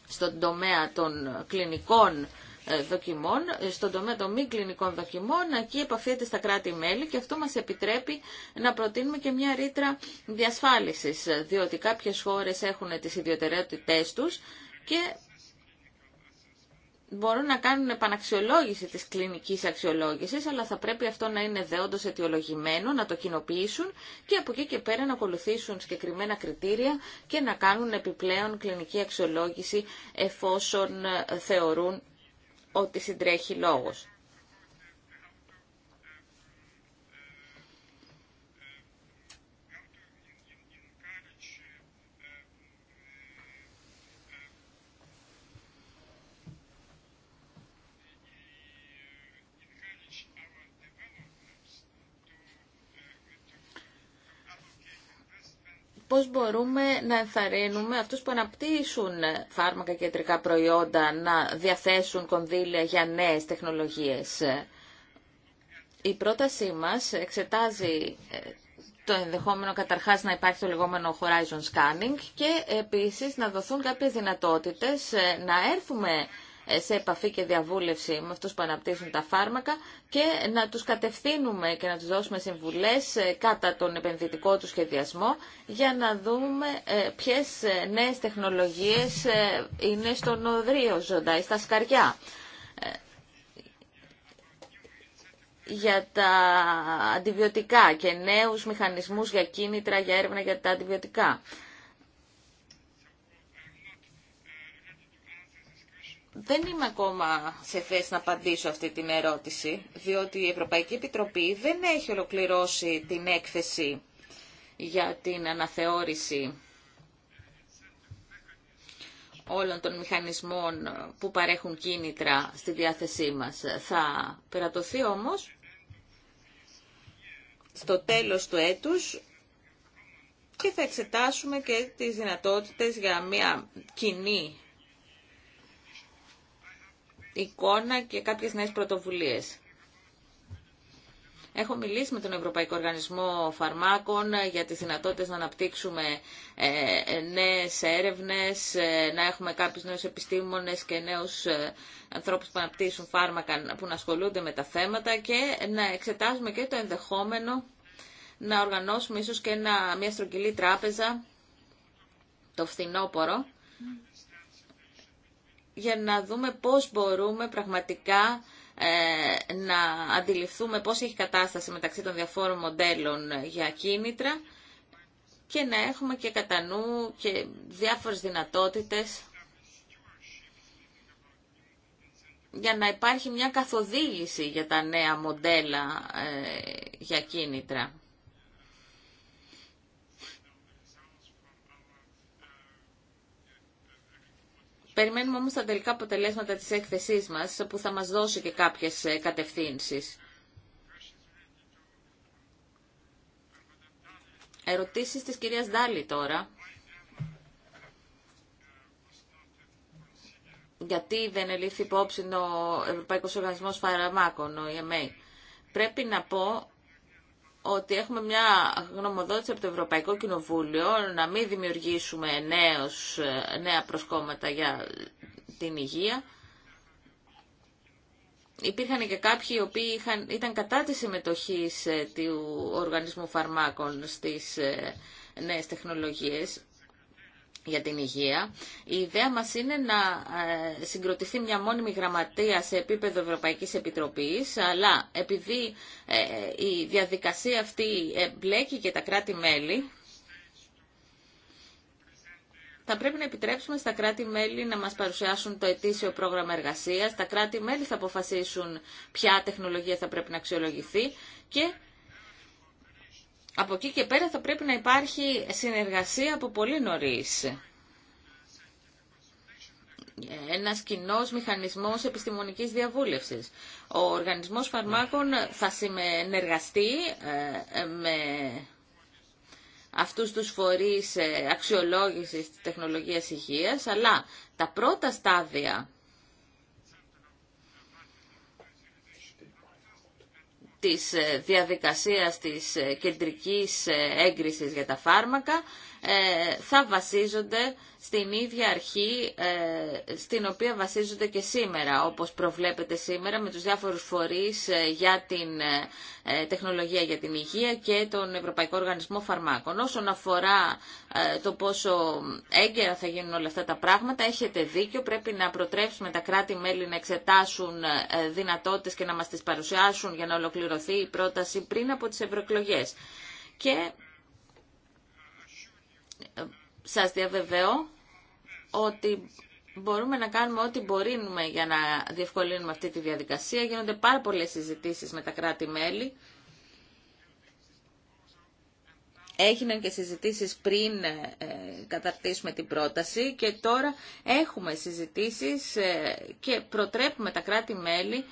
στον τομέα των κλινικών ε, δοκιμών, ε, στον τομέα των μη κλινικών δοκιμών, εκεί επαφείται στα κράτη-μέλη και αυτό μας επιτρέπει να προτείνουμε και μια ρήτρα διασφάλισης, ε, διότι κάποιες χώρες έχουν τις ιδιωτερότητές τους και μπορούν να κάνουν επαναξιολόγηση της κλινικής αξιολόγησης, αλλά θα πρέπει αυτό να είναι δεόντως αιτιολογημένο, να το κοινοποιήσουν και από εκεί και πέρα να ακολουθήσουν συγκεκριμένα κριτήρια και να κάνουν επιπλέον κλινική αξιολόγηση εφόσον θεωρούν ότι συντρέχει λόγος. πώς μπορούμε να ενθαρρύνουμε αυτούς που αναπτύσσουν φάρμακα και ιατρικά προϊόντα να διαθέσουν κονδύλια για νέες τεχνολογίες. Η πρότασή μας εξετάζει ε, το ενδεχόμενο καταρχάς να υπάρχει το λεγόμενο horizon scanning και επίσης να δοθούν κάποιες δυνατότητες ε, να έρθουμε σε επαφή και διαβούλευση με αυτούς που αναπτύσσουν τα φάρμακα και να τους κατευθύνουμε και να τους δώσουμε συμβουλές ε, κατά τον επενδυτικό του σχεδιασμό για να δούμε ε, ποιες ε, νέες τεχνολογίες είναι στον νοδρίο ζωντά ή στα σκαριά. για τα αντιβιωτικά και νέους μηχανισμούς για κίνητρα για έρευνα για τα αντιβιωτικά. δεν είμαι ακόμα σε θέση να απαντήσω αυτή την ερώτηση, διότι η Ευρωπαϊκή Επιτροπή δεν έχει ολοκληρώσει την έκθεση για την αναθεώρηση όλων των μηχανισμών που παρέχουν κίνητρα στη διάθεσή μας. Θα περατωθεί όμως στο τέλος του έτους και θα εξετάσουμε και τις δυνατότητες για μια κοινή εικόνα και κάποιες νέες πρωτοβουλίες. Έχω μιλήσει με τον Ευρωπαϊκό Οργανισμό Φαρμάκων για τις δυνατότητες να αναπτύξουμε ε, ε, νέες έρευνες, ε, να έχουμε κάποιους νέους επιστήμονες και νέους ανθρώπους που αναπτύσσουν φάρμακα που να ασχολούνται με τα θέματα και να εξετάζουμε και το ενδεχόμενο να οργανώσουμε ίσως και μια στρογγυλή τράπεζα το φθινόπορο, για να δούμε πώς μπορούμε πραγματικά ε, να αντιληφθούμε πώς έχει κατάσταση μεταξύ των διαφόρων μοντέλων για κίνητρα και να έχουμε και κατά νου και διάφορες δυνατότητες για να υπάρχει μια καθοδήγηση για τα νέα μοντέλα ε, για κίνητρα. Περιμένουμε όμως τα τελικά αποτελέσματα της έκθεσής μας που θα μας δώσει και κάποιες ε, κατευθύνσεις. Ερωτήσεις της κυρίας Ντάλη τώρα. Γιατί δεν ελήφθη υπόψη ο Ευρωπαϊκός Οργανισμός Φαραμάκων, ο EMA. Πρέπει να πω ότι έχουμε μια γνωμοδότηση από το Ευρωπαϊκό Κοινοβούλιο να μην δημιουργήσουμε νέα προσκόμματα για την υγεία. Υπήρχαν και κάποιοι οι οποίοι είχαν, ήταν κατά της συμμετοχής ε, του οργανισμού φαρμάκων στις ε, νέες τεχνολογίες για την υγεία. Η ιδέα μας είναι να ε, συγκροτηθεί μια μόνιμη γραμματεία σε επίπεδο Ευρωπαϊκής Επιτροπής, αλλά επειδή ε, η διαδικασία αυτή μπλέκει και τα κράτη-μέλη, θα πρέπει να επιτρέψουμε στα κράτη-μέλη να μας παρουσιάσουν το ετήσιο πρόγραμμα εργασίας, τα κράτη-μέλη θα αποφασίσουν ποια τεχνολογία θα πρέπει να αξιολογηθεί και από εκεί και πέρα θα πρέπει να υπάρχει συνεργασία από πολύ νωρίς. Ένας κοινό μηχανισμός επιστημονικής διαβούλευσης. Ο οργανισμός φαρμάκων θα συνεργαστεί ε, με αυτούς τους φορείς ε, αξιολόγησης της τεχνολογίας υγείας, αλλά τα πρώτα στάδια της ε, διαδικασίας της ε, κεντρικής ε, έγκρισης για τα φάρμακα ε, θα βασίζονται στην ίδια αρχή ε, στην οποία βασίζονται και σήμερα, όπως προβλέπετε σήμερα με τους διάφορους φορείς ε, για την τεχνολογία για την υγεία και τον Ευρωπαϊκό Οργανισμό Φαρμάκων. Όσον αφορά το πόσο έγκαιρα θα γίνουν όλα αυτά τα πράγματα, έχετε δίκιο, πρέπει να προτρέψουμε τα κράτη-μέλη να εξετάσουν δυνατότητες και να μας τις παρουσιάσουν για να ολοκληρωθεί η πρόταση πριν από τις ευρωεκλογέ. Και σας διαβεβαιώ ότι μπορούμε να κάνουμε ό,τι μπορούμε για να διευκολύνουμε αυτή τη διαδικασία. Γίνονται πάρα πολλές συζητήσεις με τα κράτη-μέλη. Έγιναν και συζητήσεις πριν ε, καταρτήσουμε την πρόταση και τώρα έχουμε συζητήσεις ε, και προτρέπουμε τα κράτη-μέλη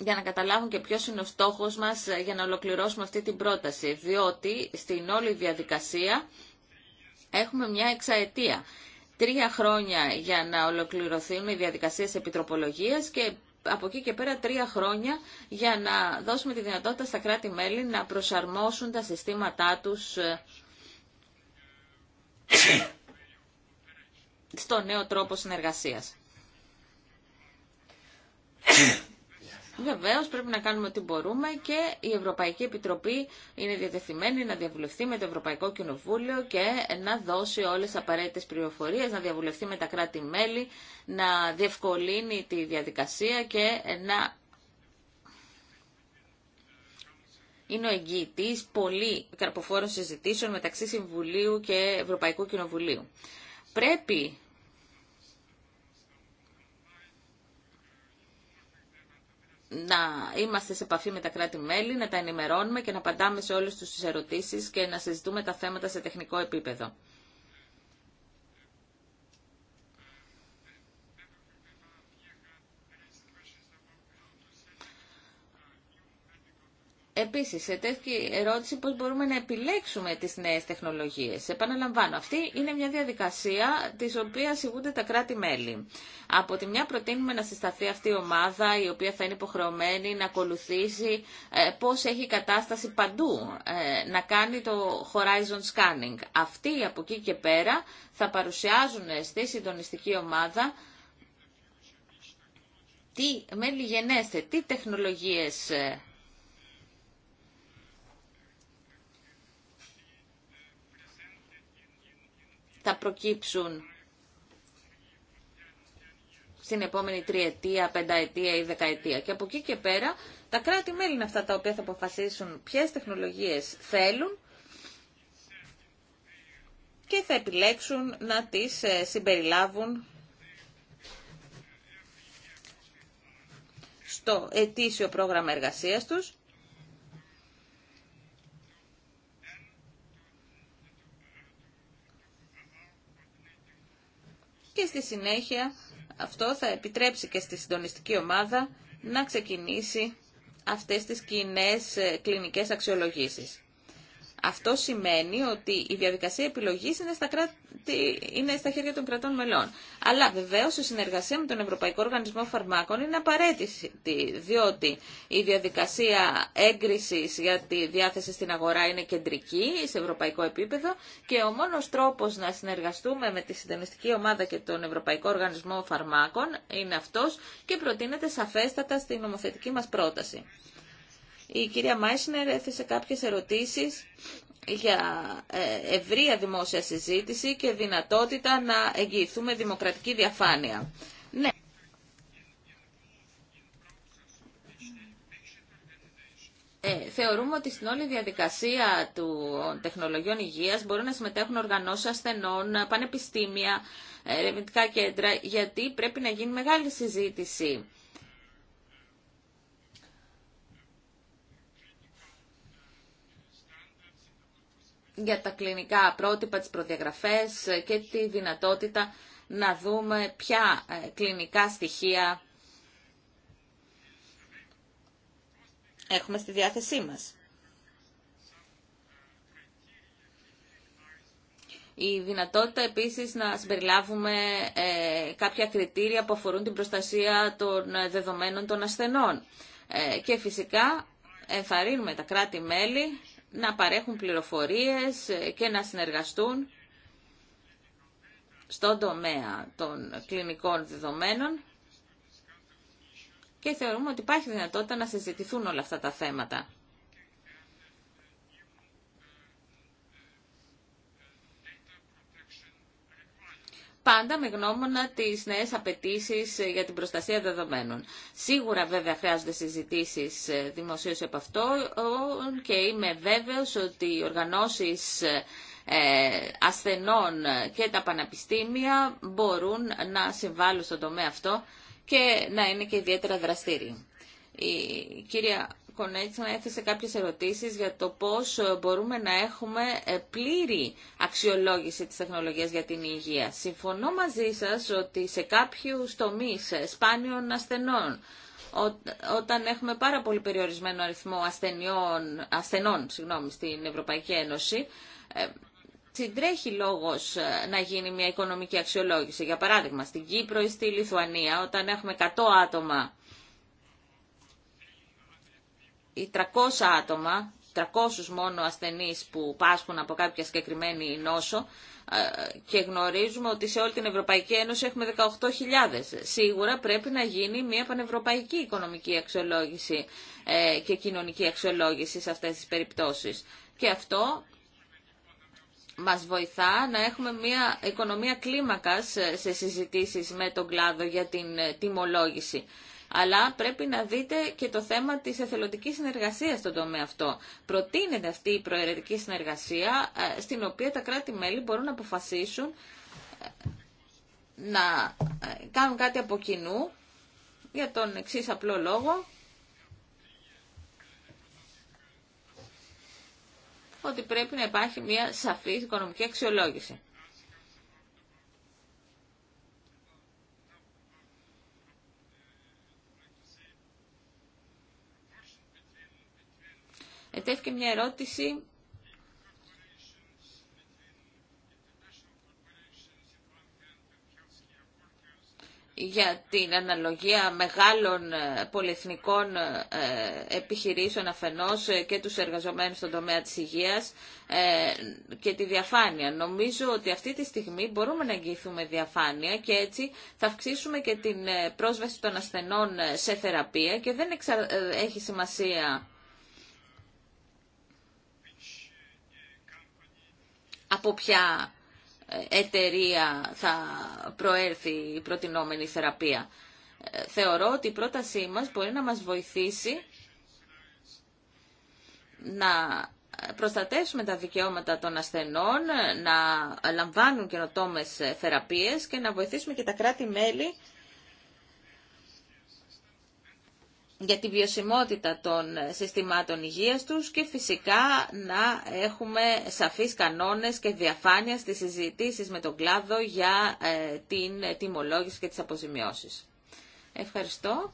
για να καταλάβουν και ποιος είναι ο στόχος μας ε, για να ολοκληρώσουμε αυτή την πρόταση. Διότι στην όλη διαδικασία έχουμε μια εξαετία. Τρία χρόνια για να ολοκληρωθούν οι διαδικασίες επιτροπολογίας και από εκεί και πέρα τρία χρόνια για να δώσουμε τη δυνατότητα στα κράτη-μέλη να προσαρμόσουν τα συστήματά τους ε, στο νέο τρόπο συνεργασίας. Βεβαίω πρέπει να κάνουμε ό,τι μπορούμε και η Ευρωπαϊκή Επιτροπή είναι διατεθειμένη να διαβουλευτεί με το Ευρωπαϊκό Κοινοβούλιο και να δώσει όλες τις απαραίτητες πληροφορίες, να διαβουλευτεί με τα κράτη-μέλη, να διευκολύνει τη διαδικασία και να είναι ο εγγυητής πολύ καρποφόρων συζητήσεων μεταξύ Συμβουλίου και Ευρωπαϊκού Κοινοβουλίου. Πρέπει να είμαστε σε επαφή με τα κράτη-μέλη, να τα ενημερώνουμε και να απαντάμε σε όλες τις ερωτήσεις και να συζητούμε τα θέματα σε τεχνικό επίπεδο. Επίσης, τέτοια ερώτηση πώς μπορούμε να επιλέξουμε τις νέες τεχνολογίες. Επαναλαμβάνω, αυτή είναι μια διαδικασία της οποίας ηγούνται τα κράτη-μέλη. Από τη μια προτείνουμε να συσταθεί αυτή η ομάδα η οποία θα είναι υποχρεωμένη να ακολουθήσει ε, πώς έχει η κατάσταση παντού, ε, να κάνει το horizon scanning. Αυτοί από εκεί και πέρα θα παρουσιάζουν στη συντονιστική ομάδα τι μέλη γενέστε, τι τεχνολογίες ε, θα προκύψουν στην επόμενη τριετία, πενταετία ή δεκαετία. Και από εκεί και πέρα τα κράτη-μέλη είναι αυτά τα οποία θα αποφασίσουν ποιες τεχνολογίες θέλουν και θα επιλέξουν να τις ε, συμπεριλάβουν στο ετήσιο πρόγραμμα εργασίας τους και στη συνέχεια αυτό θα επιτρέψει και στη συντονιστική ομάδα να ξεκινήσει αυτές τις κοινέ ε, κλινικές αξιολογήσεις. Αυτό σημαίνει ότι η διαδικασία επιλογής είναι στα, είναι στα χέρια των κρατών μελών. Αλλά βεβαίως η συνεργασία με τον Ευρωπαϊκό Οργανισμό Φαρμάκων είναι απαραίτητη, διότι η διαδικασία έγκρισης για τη διάθεση στην αγορά είναι κεντρική σε ευρωπαϊκό επίπεδο και ο μόνος τρόπος να συνεργαστούμε με τη Συντονιστική Ομάδα και τον Ευρωπαϊκό Οργανισμό Φαρμάκων είναι αυτός και προτείνεται σαφέστατα στην νομοθετική μας πρόταση. Η κυρία Μάισνερ έθεσε κάποιες ερωτήσεις για ε, ευρία δημόσια συζήτηση και δυνατότητα να εγγυηθούμε δημοκρατική διαφάνεια. Ναι. Ε, θεωρούμε ότι στην όλη διαδικασία των τεχνολογιών υγείας μπορούν να συμμετέχουν οργανώσεις ασθενών, πανεπιστήμια, ερευνητικά κέντρα, γιατί πρέπει να γίνει μεγάλη συζήτηση για τα κλινικά πρότυπα, τις προδιαγραφές και τη δυνατότητα να δούμε ποια ε, κλινικά στοιχεία έχουμε στη διάθεσή μας. Η δυνατότητα επίσης να συμπεριλάβουμε ε, κάποια κριτήρια που αφορούν την προστασία των δεδομένων των ασθενών. Ε, και φυσικά ενθαρρύνουμε τα κράτη-μέλη να παρέχουν πληροφορίες και να συνεργαστούν στον τομέα των κλινικών δεδομένων και θεωρούμε ότι υπάρχει δυνατότητα να συζητηθούν όλα αυτά τα θέματα. πάντα με γνώμονα τι νέε απαιτήσει ε, για την προστασία δεδομένων. Σίγουρα βέβαια χρειάζονται συζητήσεις ε, δημοσίως από αυτό και είμαι βέβαιος ότι οι οργανώσεις ε, ασθενών και τα πανεπιστήμια μπορούν να συμβάλλουν στον τομέα αυτό και να είναι και ιδιαίτερα δραστήριοι. Η κυρία να έθεσε κάποιες ερωτήσεις για το πώς μπορούμε να έχουμε ε, πλήρη αξιολόγηση της τεχνολογίας για την υγεία. Συμφωνώ μαζί σας ότι σε κάποιους τομείς ε, σπάνιων ασθενών, όταν έχουμε πάρα πολύ περιορισμένο αριθμό ασθενιών, ασθενών συγγνώμη, στην Ευρωπαϊκή Ένωση, ε, συντρέχει λόγος να γίνει μια οικονομική αξιολόγηση. Για παράδειγμα, στην Κύπρο ή στη Λιθουανία, όταν έχουμε 100 άτομα οι 300 άτομα, 300 μόνο ασθενείς που πάσχουν από κάποια συγκεκριμένη νόσο ε, και γνωρίζουμε ότι σε όλη την Ευρωπαϊκή Ένωση έχουμε 18.000. Σίγουρα πρέπει να γίνει μια πανευρωπαϊκή οικονομική αξιολόγηση ε, και κοινωνική αξιολόγηση σε αυτές τις περιπτώσεις. Και αυτό μας βοηθά να έχουμε μια οικονομία κλίμακας ε, σε συζητήσεις με τον κλάδο για την τιμολόγηση αλλά πρέπει να δείτε και το θέμα της εθελοντικής συνεργασίας στον τομέα αυτό. Προτείνεται αυτή η προαιρετική συνεργασία ε, στην οποία τα κράτη-μέλη μπορούν να αποφασίσουν ε, να ε, κάνουν κάτι από κοινού για τον εξή απλό λόγο ότι πρέπει να υπάρχει μια σαφή οικονομική αξιολόγηση. ετέθηκε μια ερώτηση για την αναλογία μεγάλων ε, πολυεθνικών ε, επιχειρήσεων αφενός ε, και τους εργαζομένους στον τομέα της υγείας και τη διαφάνεια. Νομίζω ότι αυτή τη στιγμή μπορούμε να εγγυηθούμε διαφάνεια και έτσι θα αυξήσουμε και την πρόσβαση των ασθενών σε θεραπεία και δεν έχει σημασία από ποια ε, εταιρεία θα προέρθει η προτινόμενη θεραπεία. Ε, θεωρώ ότι η πρότασή μας μπορεί να μας βοηθήσει να προστατεύσουμε τα δικαιώματα των ασθενών, να λαμβάνουν καινοτόμες θεραπείες και να βοηθήσουμε και τα κράτη-μέλη για τη βιωσιμότητα των συστημάτων υγείας τους και φυσικά να έχουμε σαφείς κανόνες και διαφάνεια στις συζητήσεις με τον κλάδο για ε, την τιμολόγηση και τις αποζημιώσεις. Ευχαριστώ.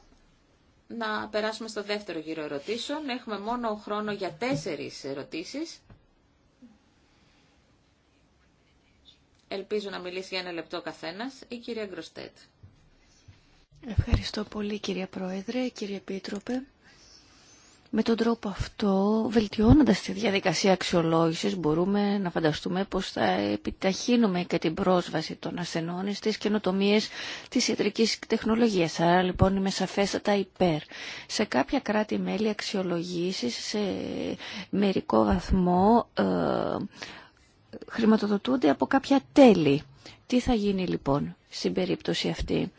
Να περάσουμε στο δεύτερο γύρο ερωτήσεων. Έχουμε μόνο χρόνο για τέσσερις ερωτήσεις. Ελπίζω να μιλήσει για ένα λεπτό καθένας η κυρία Γκροστέτ. Ευχαριστώ πολύ κυρία Πρόεδρε, κύριε Επίτροπε. Με τον τρόπο αυτό, βελτιώνοντας τη διαδικασία αξιολόγησης, μπορούμε να φανταστούμε πως θα επιταχύνουμε και την πρόσβαση των ασθενών στις καινοτομίες της ιατρικής τεχνολογίας. Άρα λοιπόν είμαι σαφέστατα υπέρ. Σε κάποια κράτη-μέλη αξιολογήσεις σε μερικό βαθμό ε, χρηματοδοτούνται από κάποια τέλη. Τι θα γίνει λοιπόν στην περίπτωση αυτή.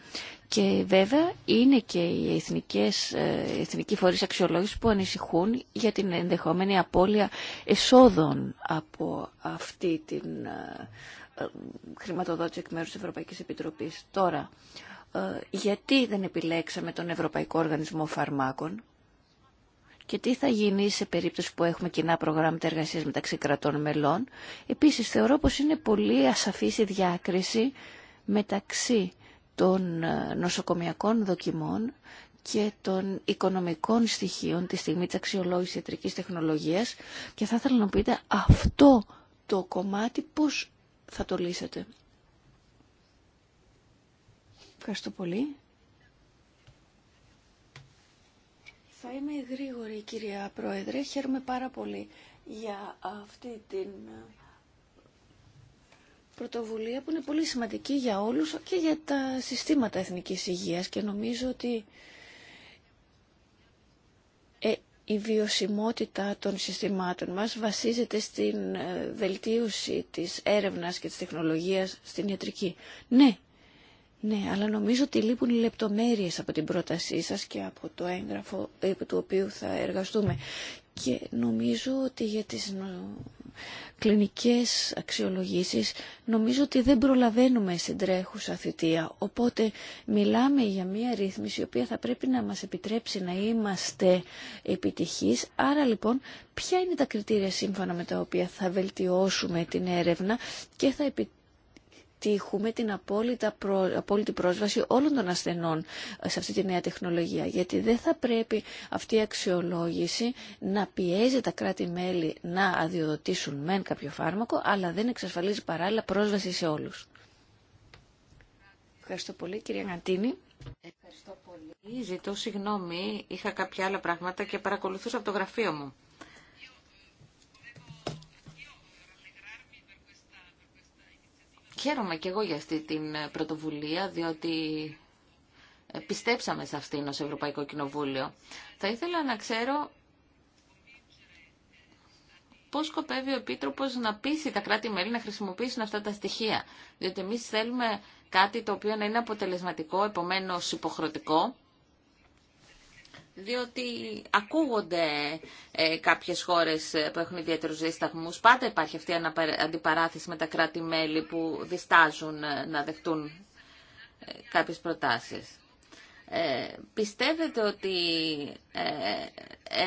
Και βέβαια είναι και οι εθνικές, ε, εθνικοί φορείς αξιολόγηση που ανησυχούν για την ενδεχόμενη απώλεια εσόδων από αυτή την ε, ε, χρηματοδότηση εκ μέρους της Ευρωπαϊκής Επιτροπής. Τώρα, γιατί δεν επιλέξαμε τον Ευρωπαϊκό Οργανισμό Φαρμάκων και τι θα γίνει σε περίπτωση που έχουμε κοινά προγράμματα εργασίας μεταξύ κρατών μελών. Επίσης, θεωρώ πως είναι πολύ ασαφής η διάκριση μεταξύ των ε, νοσοκομιακών δοκιμών και των οικονομικών στοιχείων τη στιγμή της αξιολόγησης ιατρικής τεχνολογίας και θα ήθελα να πείτε αυτό το κομμάτι πώς θα το λύσετε. Ευχαριστώ πολύ. Θα είμαι γρήγορη κυρία Πρόεδρε. Χαίρομαι πάρα πολύ για αυτή την πρωτοβουλία που είναι πολύ σημαντική για όλους και για τα συστήματα εθνικής υγείας και νομίζω ότι ε, η βιωσιμότητα των συστημάτων μας βασίζεται στην ε, βελτίωση της έρευνας και της τεχνολογίας στην ιατρική. Ναι, ναι, αλλά νομίζω ότι λείπουν οι λεπτομέρειες από την πρότασή σας και από το έγγραφο ε, του οποίου θα εργαστούμε. Και νομίζω ότι για τις κλινικές αξιολογήσεις νομίζω ότι δεν προλαβαίνουμε στην τρέχουσα θητεία. Οπότε μιλάμε για μια ρύθμιση η οποία θα πρέπει να μας επιτρέψει να είμαστε επιτυχείς. Άρα λοιπόν ποια είναι τα κριτήρια σύμφωνα με τα οποία θα βελτιώσουμε την έρευνα και θα επιτρέψουμε πετύχουμε την απόλυτα απόλυτη πρόσβαση όλων των ασθενών ε, σε αυτή τη νέα τεχνολογία. Γιατί δεν θα πρέπει αυτή η αξιολόγηση να πιέζει τα κράτη-μέλη να αδειοδοτήσουν μεν κάποιο φάρμακο, αλλά δεν εξασφαλίζει παράλληλα πρόσβαση σε όλους. Ευχαριστώ πολύ, κυρία Γαντίνη. Ευχαριστώ πολύ. Ζητώ συγγνώμη, είχα κάποια άλλα πράγματα και παρακολουθούσα από το γραφείο μου. Χαίρομαι και εγώ για αυτή την ε, πρωτοβουλία, διότι ε, πιστέψαμε σε αυτήν ως Ευρωπαϊκό Κοινοβούλιο. Θα ήθελα να ξέρω πώς σκοπεύει ο Επίτροπος να πείσει τα κράτη-μέλη να χρησιμοποιήσουν αυτά τα στοιχεία. Διότι εμείς θέλουμε κάτι το οποίο να είναι αποτελεσματικό, επομένως υποχρεωτικό διότι ακούγονται ε, κάποιες χώρες που έχουν ιδιαίτερους δισταγμούς. Πάντα υπάρχει αυτή η αντιπαράθεση με τα κράτη-μέλη που διστάζουν ε, να δεχτούν ε, κάποιες προτάσεις. Ε, πιστεύετε ότι ε,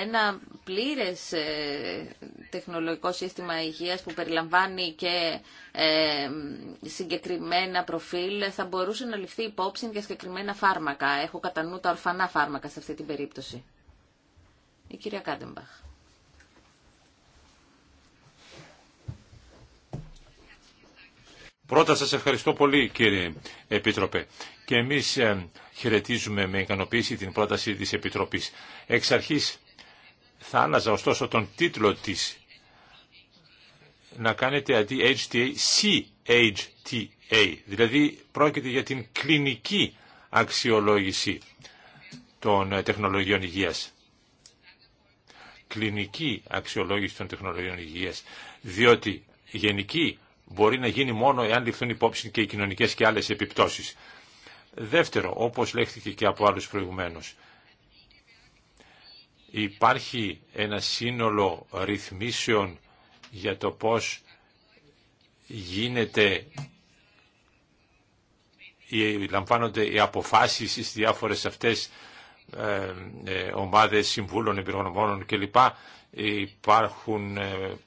ένα πλήρες ε, τεχνολογικό σύστημα υγείας που περιλαμβάνει και ε, συγκεκριμένα προφίλ θα μπορούσε να ληφθεί υπόψη για συγκεκριμένα φάρμακα. Έχω κατά νου τα ορφανά φάρμακα σε αυτή την περίπτωση. Η κυρία Κάντεμπαχ. Πρώτα σας ευχαριστώ πολύ κύριε Επίτροπε και εμείς ε, χαιρετίζουμε με ικανοποίηση την πρόταση της Επιτροπής. Εξ αρχής θα άλλαζα ωστόσο τον τίτλο της να κάνετε αντί CHTA, δηλαδή πρόκειται για την κλινική αξιολόγηση των ε, τεχνολογιών υγείας. Κλινική αξιολόγηση των τεχνολογιών υγείας, διότι γενική μπορεί να γίνει μόνο εάν ληφθούν υπόψη και οι κοινωνικές και άλλες επιπτώσεις. Δεύτερο, όπως λέχθηκε και από άλλους προηγουμένως, υπάρχει ένα σύνολο ρυθμίσεων για το πώς γίνεται ή λαμβάνονται οι αποφάσεις στις διάφορες αυτές ε, ε, ομάδες συμβούλων, εμπειρογνωμόνων κλπ. Υπάρχουν ε,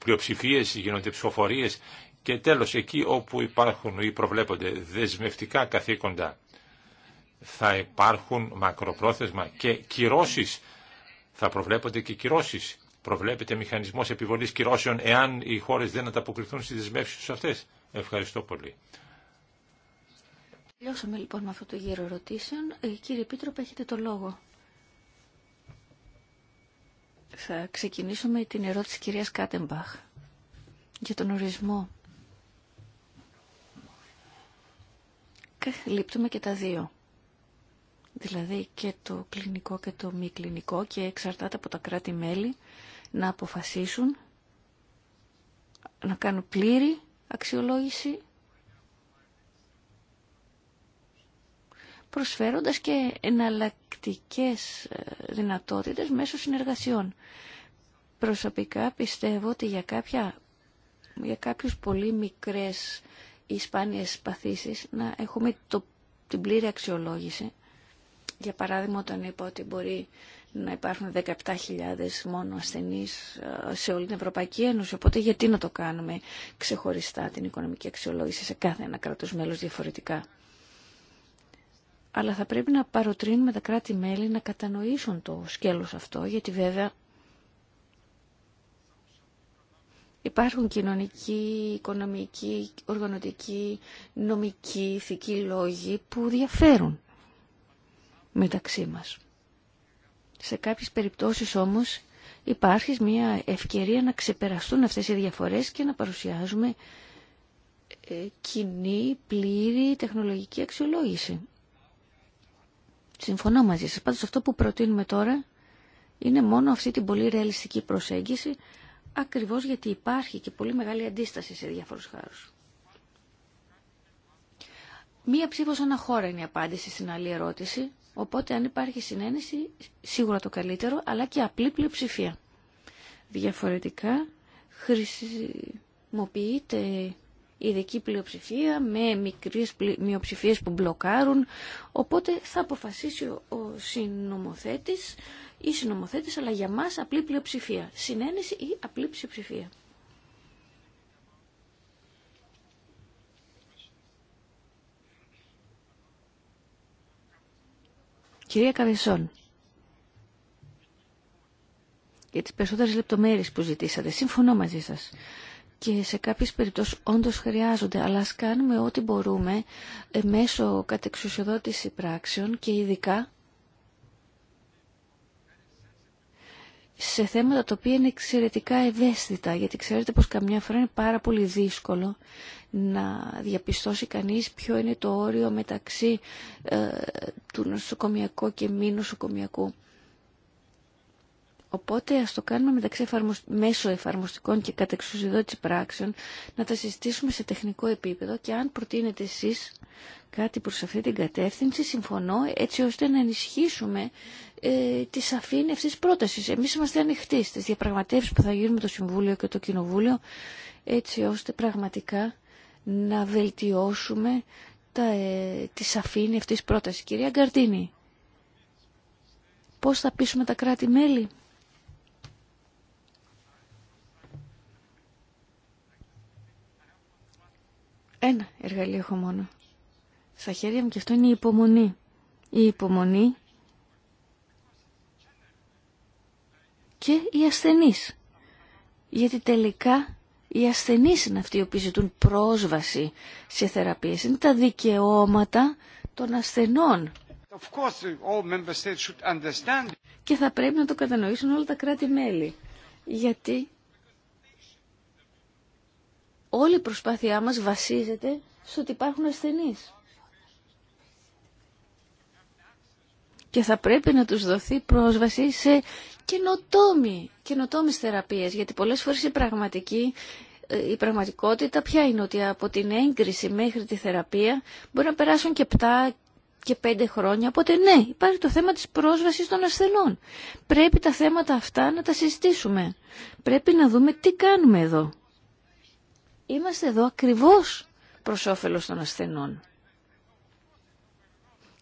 γίνονται ψηφοφορίες. Και τέλος, εκεί όπου υπάρχουν ή προβλέπονται δεσμευτικά καθήκοντα, θα υπάρχουν μακροπρόθεσμα και κυρώσεις. Θα προβλέπονται και κυρώσεις. Προβλέπεται μηχανισμός επιβολής κυρώσεων εάν οι χώρες δεν ανταποκριθούν στις δεσμεύσεις τους αυτές. Ευχαριστώ πολύ. Τελειώσαμε λοιπόν με αυτό το γύρο ερωτήσεων. Ε, κύριε Επίτροπε, έχετε το λόγο. Θα ξεκινήσουμε την ερώτηση κυρίας Κάτεμπαχ για τον ορισμό λείπτουμε και τα δύο. Δηλαδή και το κλινικό και το μη κλινικό και εξαρτάται από τα κράτη-μέλη να αποφασίσουν να κάνουν πλήρη αξιολόγηση προσφέροντας και εναλλακτικές ε, δυνατότητες μέσω συνεργασιών. Προσωπικά πιστεύω ότι για, κάποια, για κάποιους πολύ μικρές οι σπάνιες παθήσεις να έχουμε το, την πλήρη αξιολόγηση. Για παράδειγμα, όταν είπα ότι μπορεί να υπάρχουν 17.000 μόνο ασθενείς ε, σε όλη την Ευρωπαϊκή Ένωση. Οπότε γιατί να το κάνουμε ξεχωριστά την οικονομική αξιολόγηση σε κάθε ένα κράτος μέλος διαφορετικά. Αλλά θα πρέπει να παροτρύνουμε τα κράτη-μέλη να κατανοήσουν το σκέλος αυτό, γιατί βέβαια Υπάρχουν κοινωνικοί, οικονομικοί, οργανωτικοί, νομικοί, ηθικοί λόγοι που διαφέρουν μεταξύ μας. Σε κάποιες περιπτώσεις όμως υπάρχει μια ευκαιρία να ξεπεραστούν αυτές οι διαφορές και να παρουσιάζουμε ε, κοινή, πλήρη τεχνολογική αξιολόγηση. Συμφωνώ μαζί σας. Πάντως αυτό που προτείνουμε τώρα είναι μόνο αυτή την πολύ ρεαλιστική προσέγγιση ακριβώς γιατί υπάρχει και πολύ μεγάλη αντίσταση σε διάφορους χάρους. Μία ψήφος αναχώρα είναι η απάντηση στην άλλη ερώτηση, οπότε αν υπάρχει συνένεση σίγουρα το καλύτερο, αλλά και απλή πλειοψηφία. Διαφορετικά χρησιμοποιείται ειδική πλειοψηφία με μικρές μειοψηφίες που μπλοκάρουν οπότε θα αποφασίσει ο συνομοθέτης ή συνομοθέτης αλλά για μας απλή πλειοψηφία συνένεση ή απλή ψηφία. Κυρία Καβεσόν, για τις περισσότερες λεπτομέρειες που ζητήσατε, συμφωνώ μαζί σας και σε κάποιες περιπτώσεις όντως χρειάζονται, αλλά ας κάνουμε ό,τι μπορούμε ε, μέσω κατεξουσιοδότηση πράξεων και ειδικά σε θέματα τα οποία είναι εξαιρετικά ευαίσθητα, γιατί ξέρετε πως καμιά φορά είναι πάρα πολύ δύσκολο να διαπιστώσει κανείς ποιο είναι το όριο μεταξύ ε, του νοσοκομιακού και μη νοσοκομιακού. Οπότε ας το κάνουμε μεταξύ μέσω εφαρμοστικών και κατεξουσιδότηση πράξεων, να τα συζητήσουμε σε τεχνικό επίπεδο και αν προτείνετε εσείς κάτι προς αυτή την κατεύθυνση, συμφωνώ έτσι ώστε να ενισχύσουμε ε, τη σαφήνεια αυτής της πρότασης. Εμείς είμαστε ανοιχτοί στις διαπραγματεύσεις που θα γίνουν το Συμβούλιο και το Κοινοβούλιο, έτσι ώστε πραγματικά να βελτιώσουμε τα, ε, τη σαφήνεια αυτής της πρότασης. Κυρία Γκαρτίνη, πώς θα πείσουμε τα κράτη-μέλη Ένα εργαλείο έχω μόνο. Στα χέρια μου και αυτό είναι η υπομονή. Η υπομονή και οι ασθενείς. Γιατί τελικά οι ασθενείς είναι αυτοί οι οποίοι ζητούν πρόσβαση σε θεραπείες. Είναι τα δικαιώματα των ασθενών. Of course, all Και θα πρέπει να το κατανοήσουν όλα τα κράτη-μέλη. Γιατί όλη η προσπάθειά μας βασίζεται στο ότι υπάρχουν ασθενείς. Και θα πρέπει να τους δοθεί πρόσβαση σε καινοτόμοι, καινοτόμες θεραπείες, γιατί πολλές φορές η πραγματική ε, η πραγματικότητα πια είναι ότι από την έγκριση μέχρι τη θεραπεία μπορεί να περάσουν και 7 και 5 χρόνια, οπότε ναι, υπάρχει το θέμα της πρόσβασης των ασθενών. Πρέπει τα θέματα αυτά να τα συζητήσουμε. Πρέπει να δούμε τι κάνουμε εδώ. Είμαστε εδώ ακριβώς προς όφελος των ασθενών.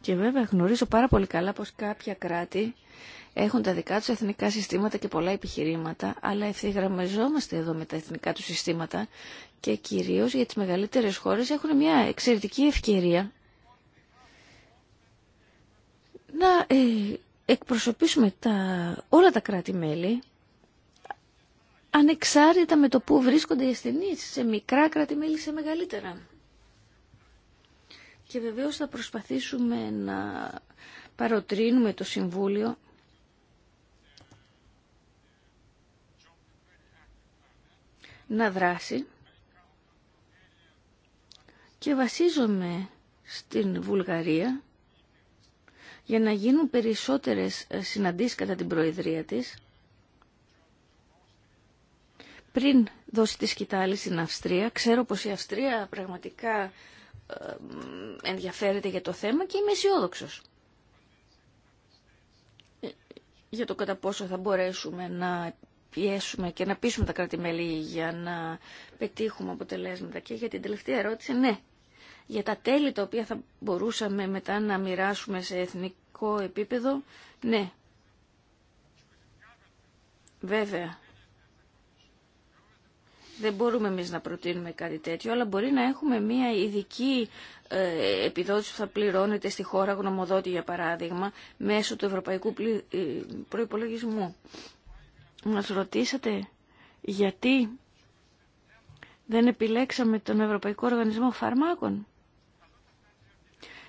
Και βέβαια γνωρίζω πάρα πολύ καλά πως κάποια κράτη έχουν τα δικά τους εθνικά συστήματα και πολλά επιχειρήματα, αλλά ευθυγραμμαζόμαστε εδώ με τα εθνικά του συστήματα και κυρίως για τις μεγαλύτερες χώρες έχουν μια εξαιρετική ευκαιρία να ε, εκπροσωπήσουμε τα, όλα τα κράτη-μέλη ανεξάρτητα με το που βρίσκονται οι ασθενείς, σε μικρά κράτη-μέλη, σε μεγαλύτερα. Και βεβαίως θα προσπαθήσουμε να παροτρύνουμε το Συμβούλιο να δράσει και βασίζομαι στην Βουλγαρία για να γίνουν περισσότερες συναντήσεις κατά την Προεδρία της πριν δώσει τη σκητάλη στην Αυστρία. Ξέρω πως η Αυστρία πραγματικά ενδιαφέρεται για το θέμα και είμαι αισιόδοξο. Ε, για το κατά πόσο θα μπορέσουμε να πιέσουμε και να πείσουμε τα κράτη-μέλη για να πετύχουμε αποτελέσματα. Και για την τελευταία ερώτηση, ναι. Για τα τέλη τα οποία θα μπορούσαμε μετά να μοιράσουμε σε εθνικό επίπεδο, ναι. Βέβαια, δεν μπορούμε εμείς να προτείνουμε κάτι τέτοιο, αλλά μπορεί να έχουμε μια ειδική ε, επιδότηση που θα πληρώνεται στη χώρα γνωμοδότη, για παράδειγμα, μέσω του ευρωπαϊκού ε, προϋπολογισμού. Μας ρωτήσατε γιατί δεν επιλέξαμε τον Ευρωπαϊκό Οργανισμό Φαρμάκων.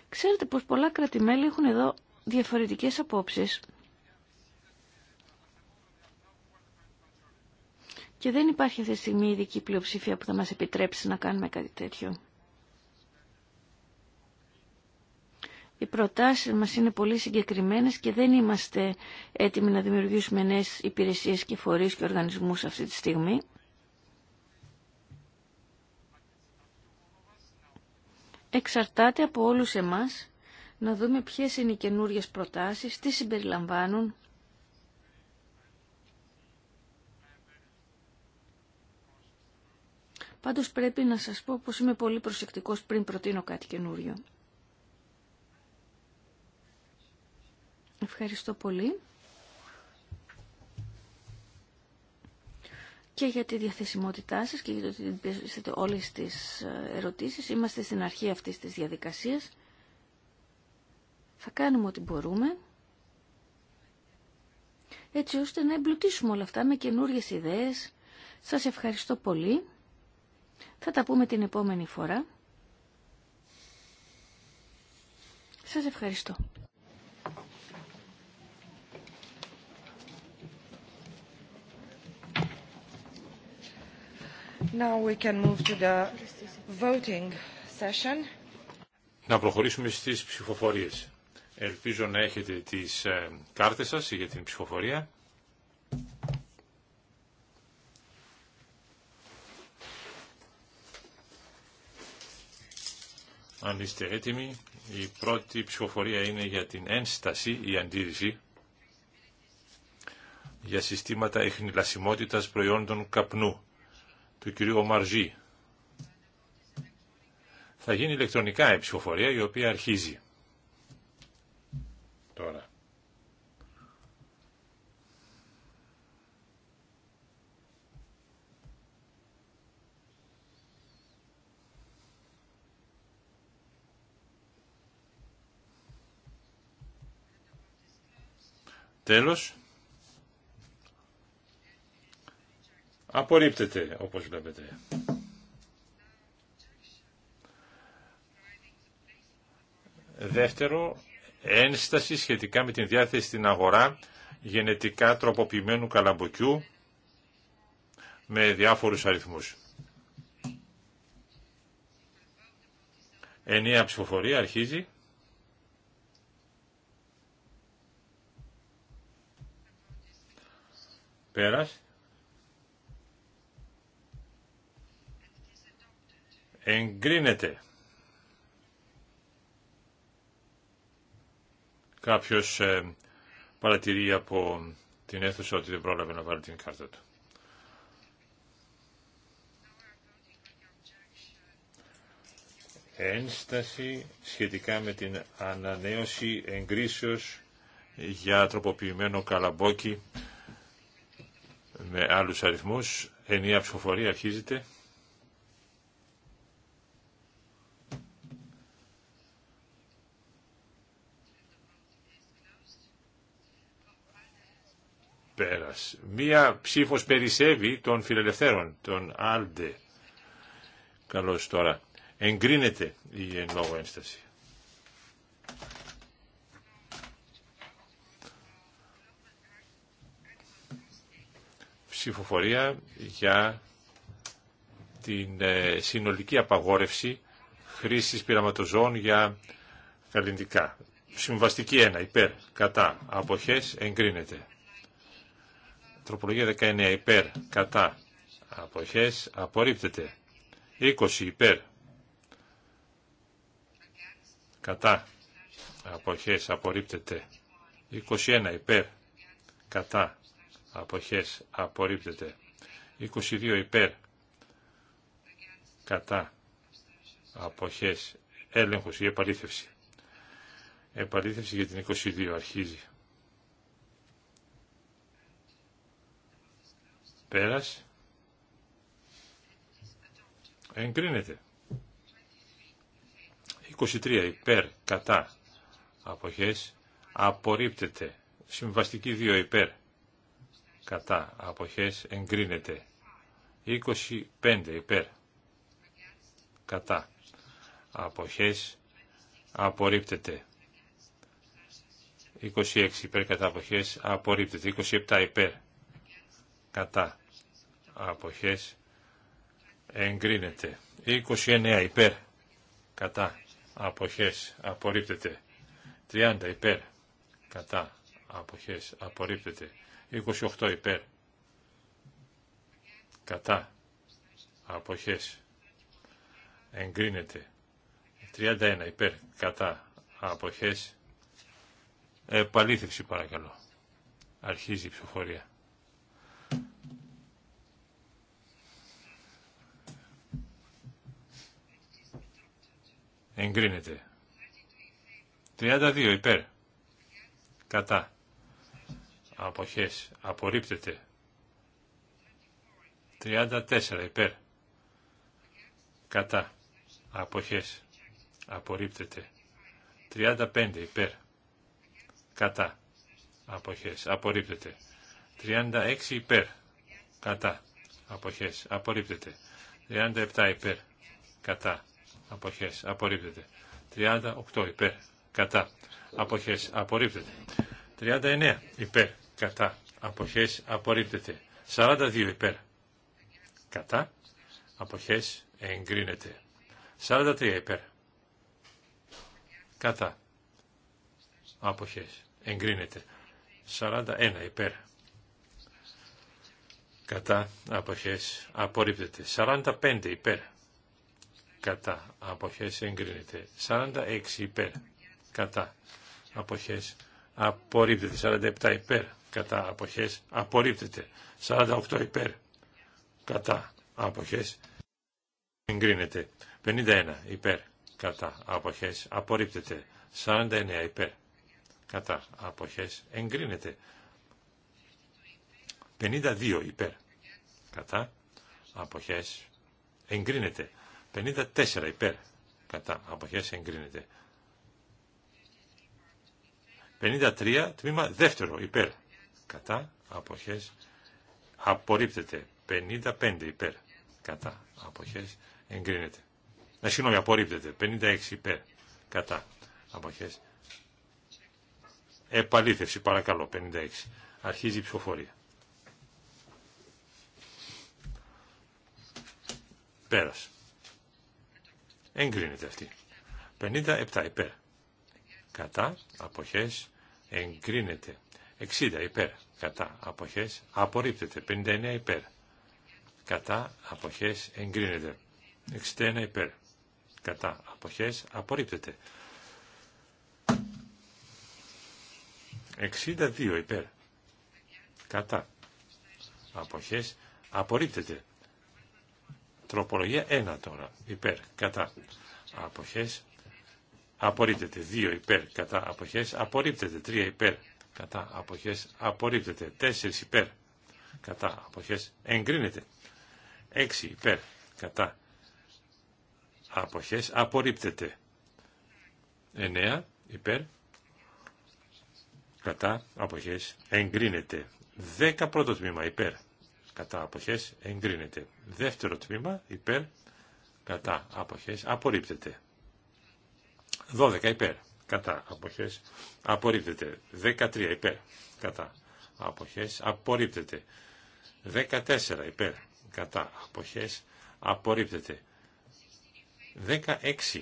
Ξέρετε πως πολλά κρατημέλη έχουν εδώ διαφορετικές απόψεις και δεν υπάρχει αυτή τη στιγμή ειδική πλειοψηφία που θα μας επιτρέψει να κάνουμε κάτι τέτοιο. Οι προτάσεις μας είναι πολύ συγκεκριμένες και δεν είμαστε έτοιμοι να δημιουργήσουμε νέες υπηρεσίες και φορείς και οργανισμούς αυτή τη στιγμή. Εξαρτάται από όλους εμάς να δούμε ποιες είναι οι καινούριες προτάσεις, τι συμπεριλαμβάνουν Πάντως πρέπει να σας πω πως είμαι πολύ προσεκτικός πριν προτείνω κάτι καινούριο. Ευχαριστώ πολύ. και για τη διαθεσιμότητά σας και για το ότι πιέσετε όλες τις ε, ερωτήσεις. Είμαστε στην αρχή αυτής της διαδικασίας. Θα κάνουμε ό,τι μπορούμε έτσι ώστε να εμπλουτίσουμε όλα αυτά με καινούριες ιδέες. Σας ευχαριστώ πολύ. Θα τα πούμε την επόμενη φορά. Σας ευχαριστώ. we can Να προχωρήσουμε στις ψηφοφορίες. Ελπίζω να έχετε τις ε, κάρτες σας για την ψηφοφορία. Αν είστε έτοιμοι, η πρώτη ψηφοφορία είναι για την ένσταση ή αντίρρηση για συστήματα εχνηλασιμότητας προϊόντων καπνού του κυρίου Μαρζή. Θα γίνει ηλεκτρονικά η ψηφοφορία η οποία αρχίζει τώρα. Τέλος. Απορρίπτεται, όπως βλέπετε. Δεύτερο, ένσταση σχετικά με την διάθεση στην αγορά γενετικά τροποποιημένου καλαμποκιού με διάφορους αριθμούς. Ενία ψηφοφορία αρχίζει. Πέρας. Εγκρίνεται. Κάποιος ε, παρατηρεί από την αίθουσα ότι δεν πρόλαβε να βάλει την κάρτα του. Ένσταση σχετικά με την ανανέωση εγκρίσεως για τροποποιημένο καλαμπόκι με άλλους αριθμούς. ενία ψηφοφορία αρχίζεται. Πέρας. Μία ψήφος περισσεύει των φιλελευθέρων, των Άλντε. Καλώς τώρα. Εγκρίνεται η εν λόγω ένσταση. ψηφοφορία για την ε, συνολική απαγόρευση χρήσης πειραματοζώων για καλλιντικά. Συμβαστική 1. Υπέρ. Κατά. Αποχές. Εγκρίνεται. Τροπολογία 19. Υπέρ. Κατά. Αποχές. Απορρίπτεται. 20. Υπέρ. Κατά. Αποχές. Απορρίπτεται. 21. Υπέρ. Κατά αποχές απορρίπτεται 22 υπέρ κατά αποχές έλεγχος ή επαλήθευση επαλήθευση για την 22 αρχίζει πέρας εγκρίνεται 23 υπέρ κατά αποχές απορρίπτεται συμβαστική 2 υπέρ κατά αποχές εγκρίνεται 25 υπέρ κατά αποχές απορρίπτεται 26 υπέρ κατά αποχές απορρίπτεται 27 υπέρ κατά αποχές εγκρίνεται 29 υπέρ κατά αποχές απορρίπτεται 30 υπέρ κατά αποχές απορρίπτεται 28 υπέρ. Κατά. Αποχές. Εγκρίνεται. 31 υπέρ. Κατά. Αποχές. Επαλήθευση παρακαλώ. Αρχίζει η ψηφοφορία. Εγκρίνεται. 32 υπέρ. Κατά αποχές απορρίπτεται 34 υπέρ κατά αποχές απορρίπτεται 35 υπέρ κατά αποχές απορρίπτεται 36 υπέρ κατά αποχές απορρίπτεται 37 υπέρ κατά αποχές απορρίπτεται 38 υπέρ κατά αποχές απορρίπτεται 39 υπέρ κατά αποχές απορρίπτεται. 42 υπέρ κατά αποχές εγκρίνεται. 43 υπέρ κατά αποχές εγκρίνεται. 41 υπέρ κατά αποχές απορρίπτεται. 45 υπέρ κατά αποχές εγκρίνεται. 46 υπέρ κατά αποχές απορρίπτεται. 47 υπέρ κατά αποχές απορρίπτεται. 48 υπέρ κατά αποχές εγκρίνεται. 51 υπέρ κατά αποχές απορρίπτεται. 49 υπέρ κατά αποχές εγκρίνεται. 52 υπέρ κατά αποχές εγκρίνεται. 54 υπέρ κατά αποχές εγκρίνεται. 53 τμήμα δεύτερο υπέρ κατά αποχές απορρίπτεται 55 υπέρ κατά αποχές εγκρίνεται να ε, συγγνώμη απορρίπτεται 56 υπέρ κατά αποχές επαλήθευση παρακαλώ 56 αρχίζει η ψηφοφορία πέρας εγκρίνεται αυτή 57 υπέρ κατά αποχές εγκρίνεται 60 υπέρ κατά αποχές απορρίπτεται. 59 υπέρ κατά αποχές εγκρίνεται. 61 υπέρ κατά αποχές απορρίπτεται. 62 υπέρ κατά αποχές απορρίπτεται. Τροπολογία 1 τώρα υπέρ κατά αποχές απορρίπτεται. 2 υπέρ κατά αποχές απορρίπτεται. 3 υπέρ κατά αποχές απορρίπτεται. 4 υπέρ κατά αποχές εγκρίνεται. 6 υπέρ κατά αποχές απορρίπτεται. 9 υπέρ κατά αποχές εγκρίνεται. 10 πρώτο τμήμα υπέρ κατά αποχές εγκρίνεται. Δεύτερο τμήμα υπέρ κατά αποχές απορρίπτεται. 12 υπέρ κατά αποχές απορρίπτεται 13 υπέρ κατά αποχές απορρίπτεται 14 υπέρ κατά αποχές απορρίπτεται 16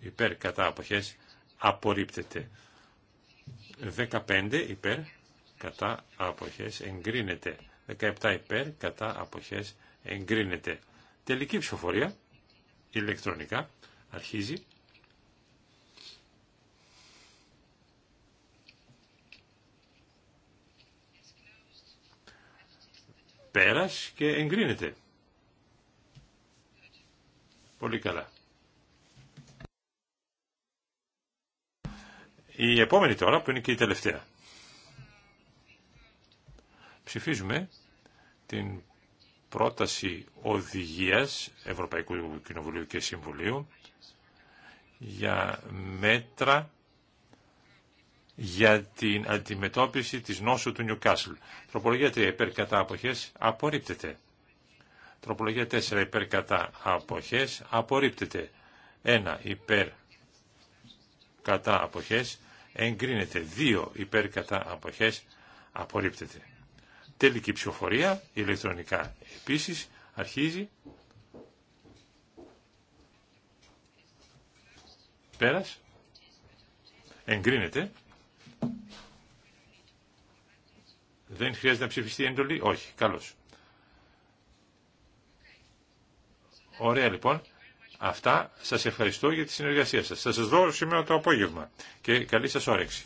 υπέρ κατά αποχές απορρίπτεται 15 υπέρ κατά αποχές εγκρίνεται 17 υπέρ κατά αποχές εγκρίνεται τελική ψηφοφορία ηλεκτρονικά αρχίζει Πέρας και εγκρίνεται. Πολύ καλά. Η επόμενη τώρα που είναι και η τελευταία. Ψηφίζουμε την πρόταση οδηγίας Ευρωπαϊκού Κοινοβουλίου και Συμβουλίου για μέτρα για την αντιμετώπιση της νόσου του Νιουκάσλ. Τροπολογία 3 υπέρ κατά αποχές απορρίπτεται. Τροπολογία 4 υπέρ κατά αποχές απορρίπτεται. 1 υπέρ κατά αποχές εγκρίνεται. 2 υπέρ κατά αποχές απορρίπτεται. Τελική ψηφοφορία ηλεκτρονικά επίσης αρχίζει. Πέρας. Εγκρίνεται. Δεν χρειάζεται να ψηφιστεί η εντολή. Όχι. Καλώς. Ωραία λοιπόν. Αυτά. Σας ευχαριστώ για τη συνεργασία σας. Θα σας δω σήμερα το απόγευμα. Και καλή σας όρεξη.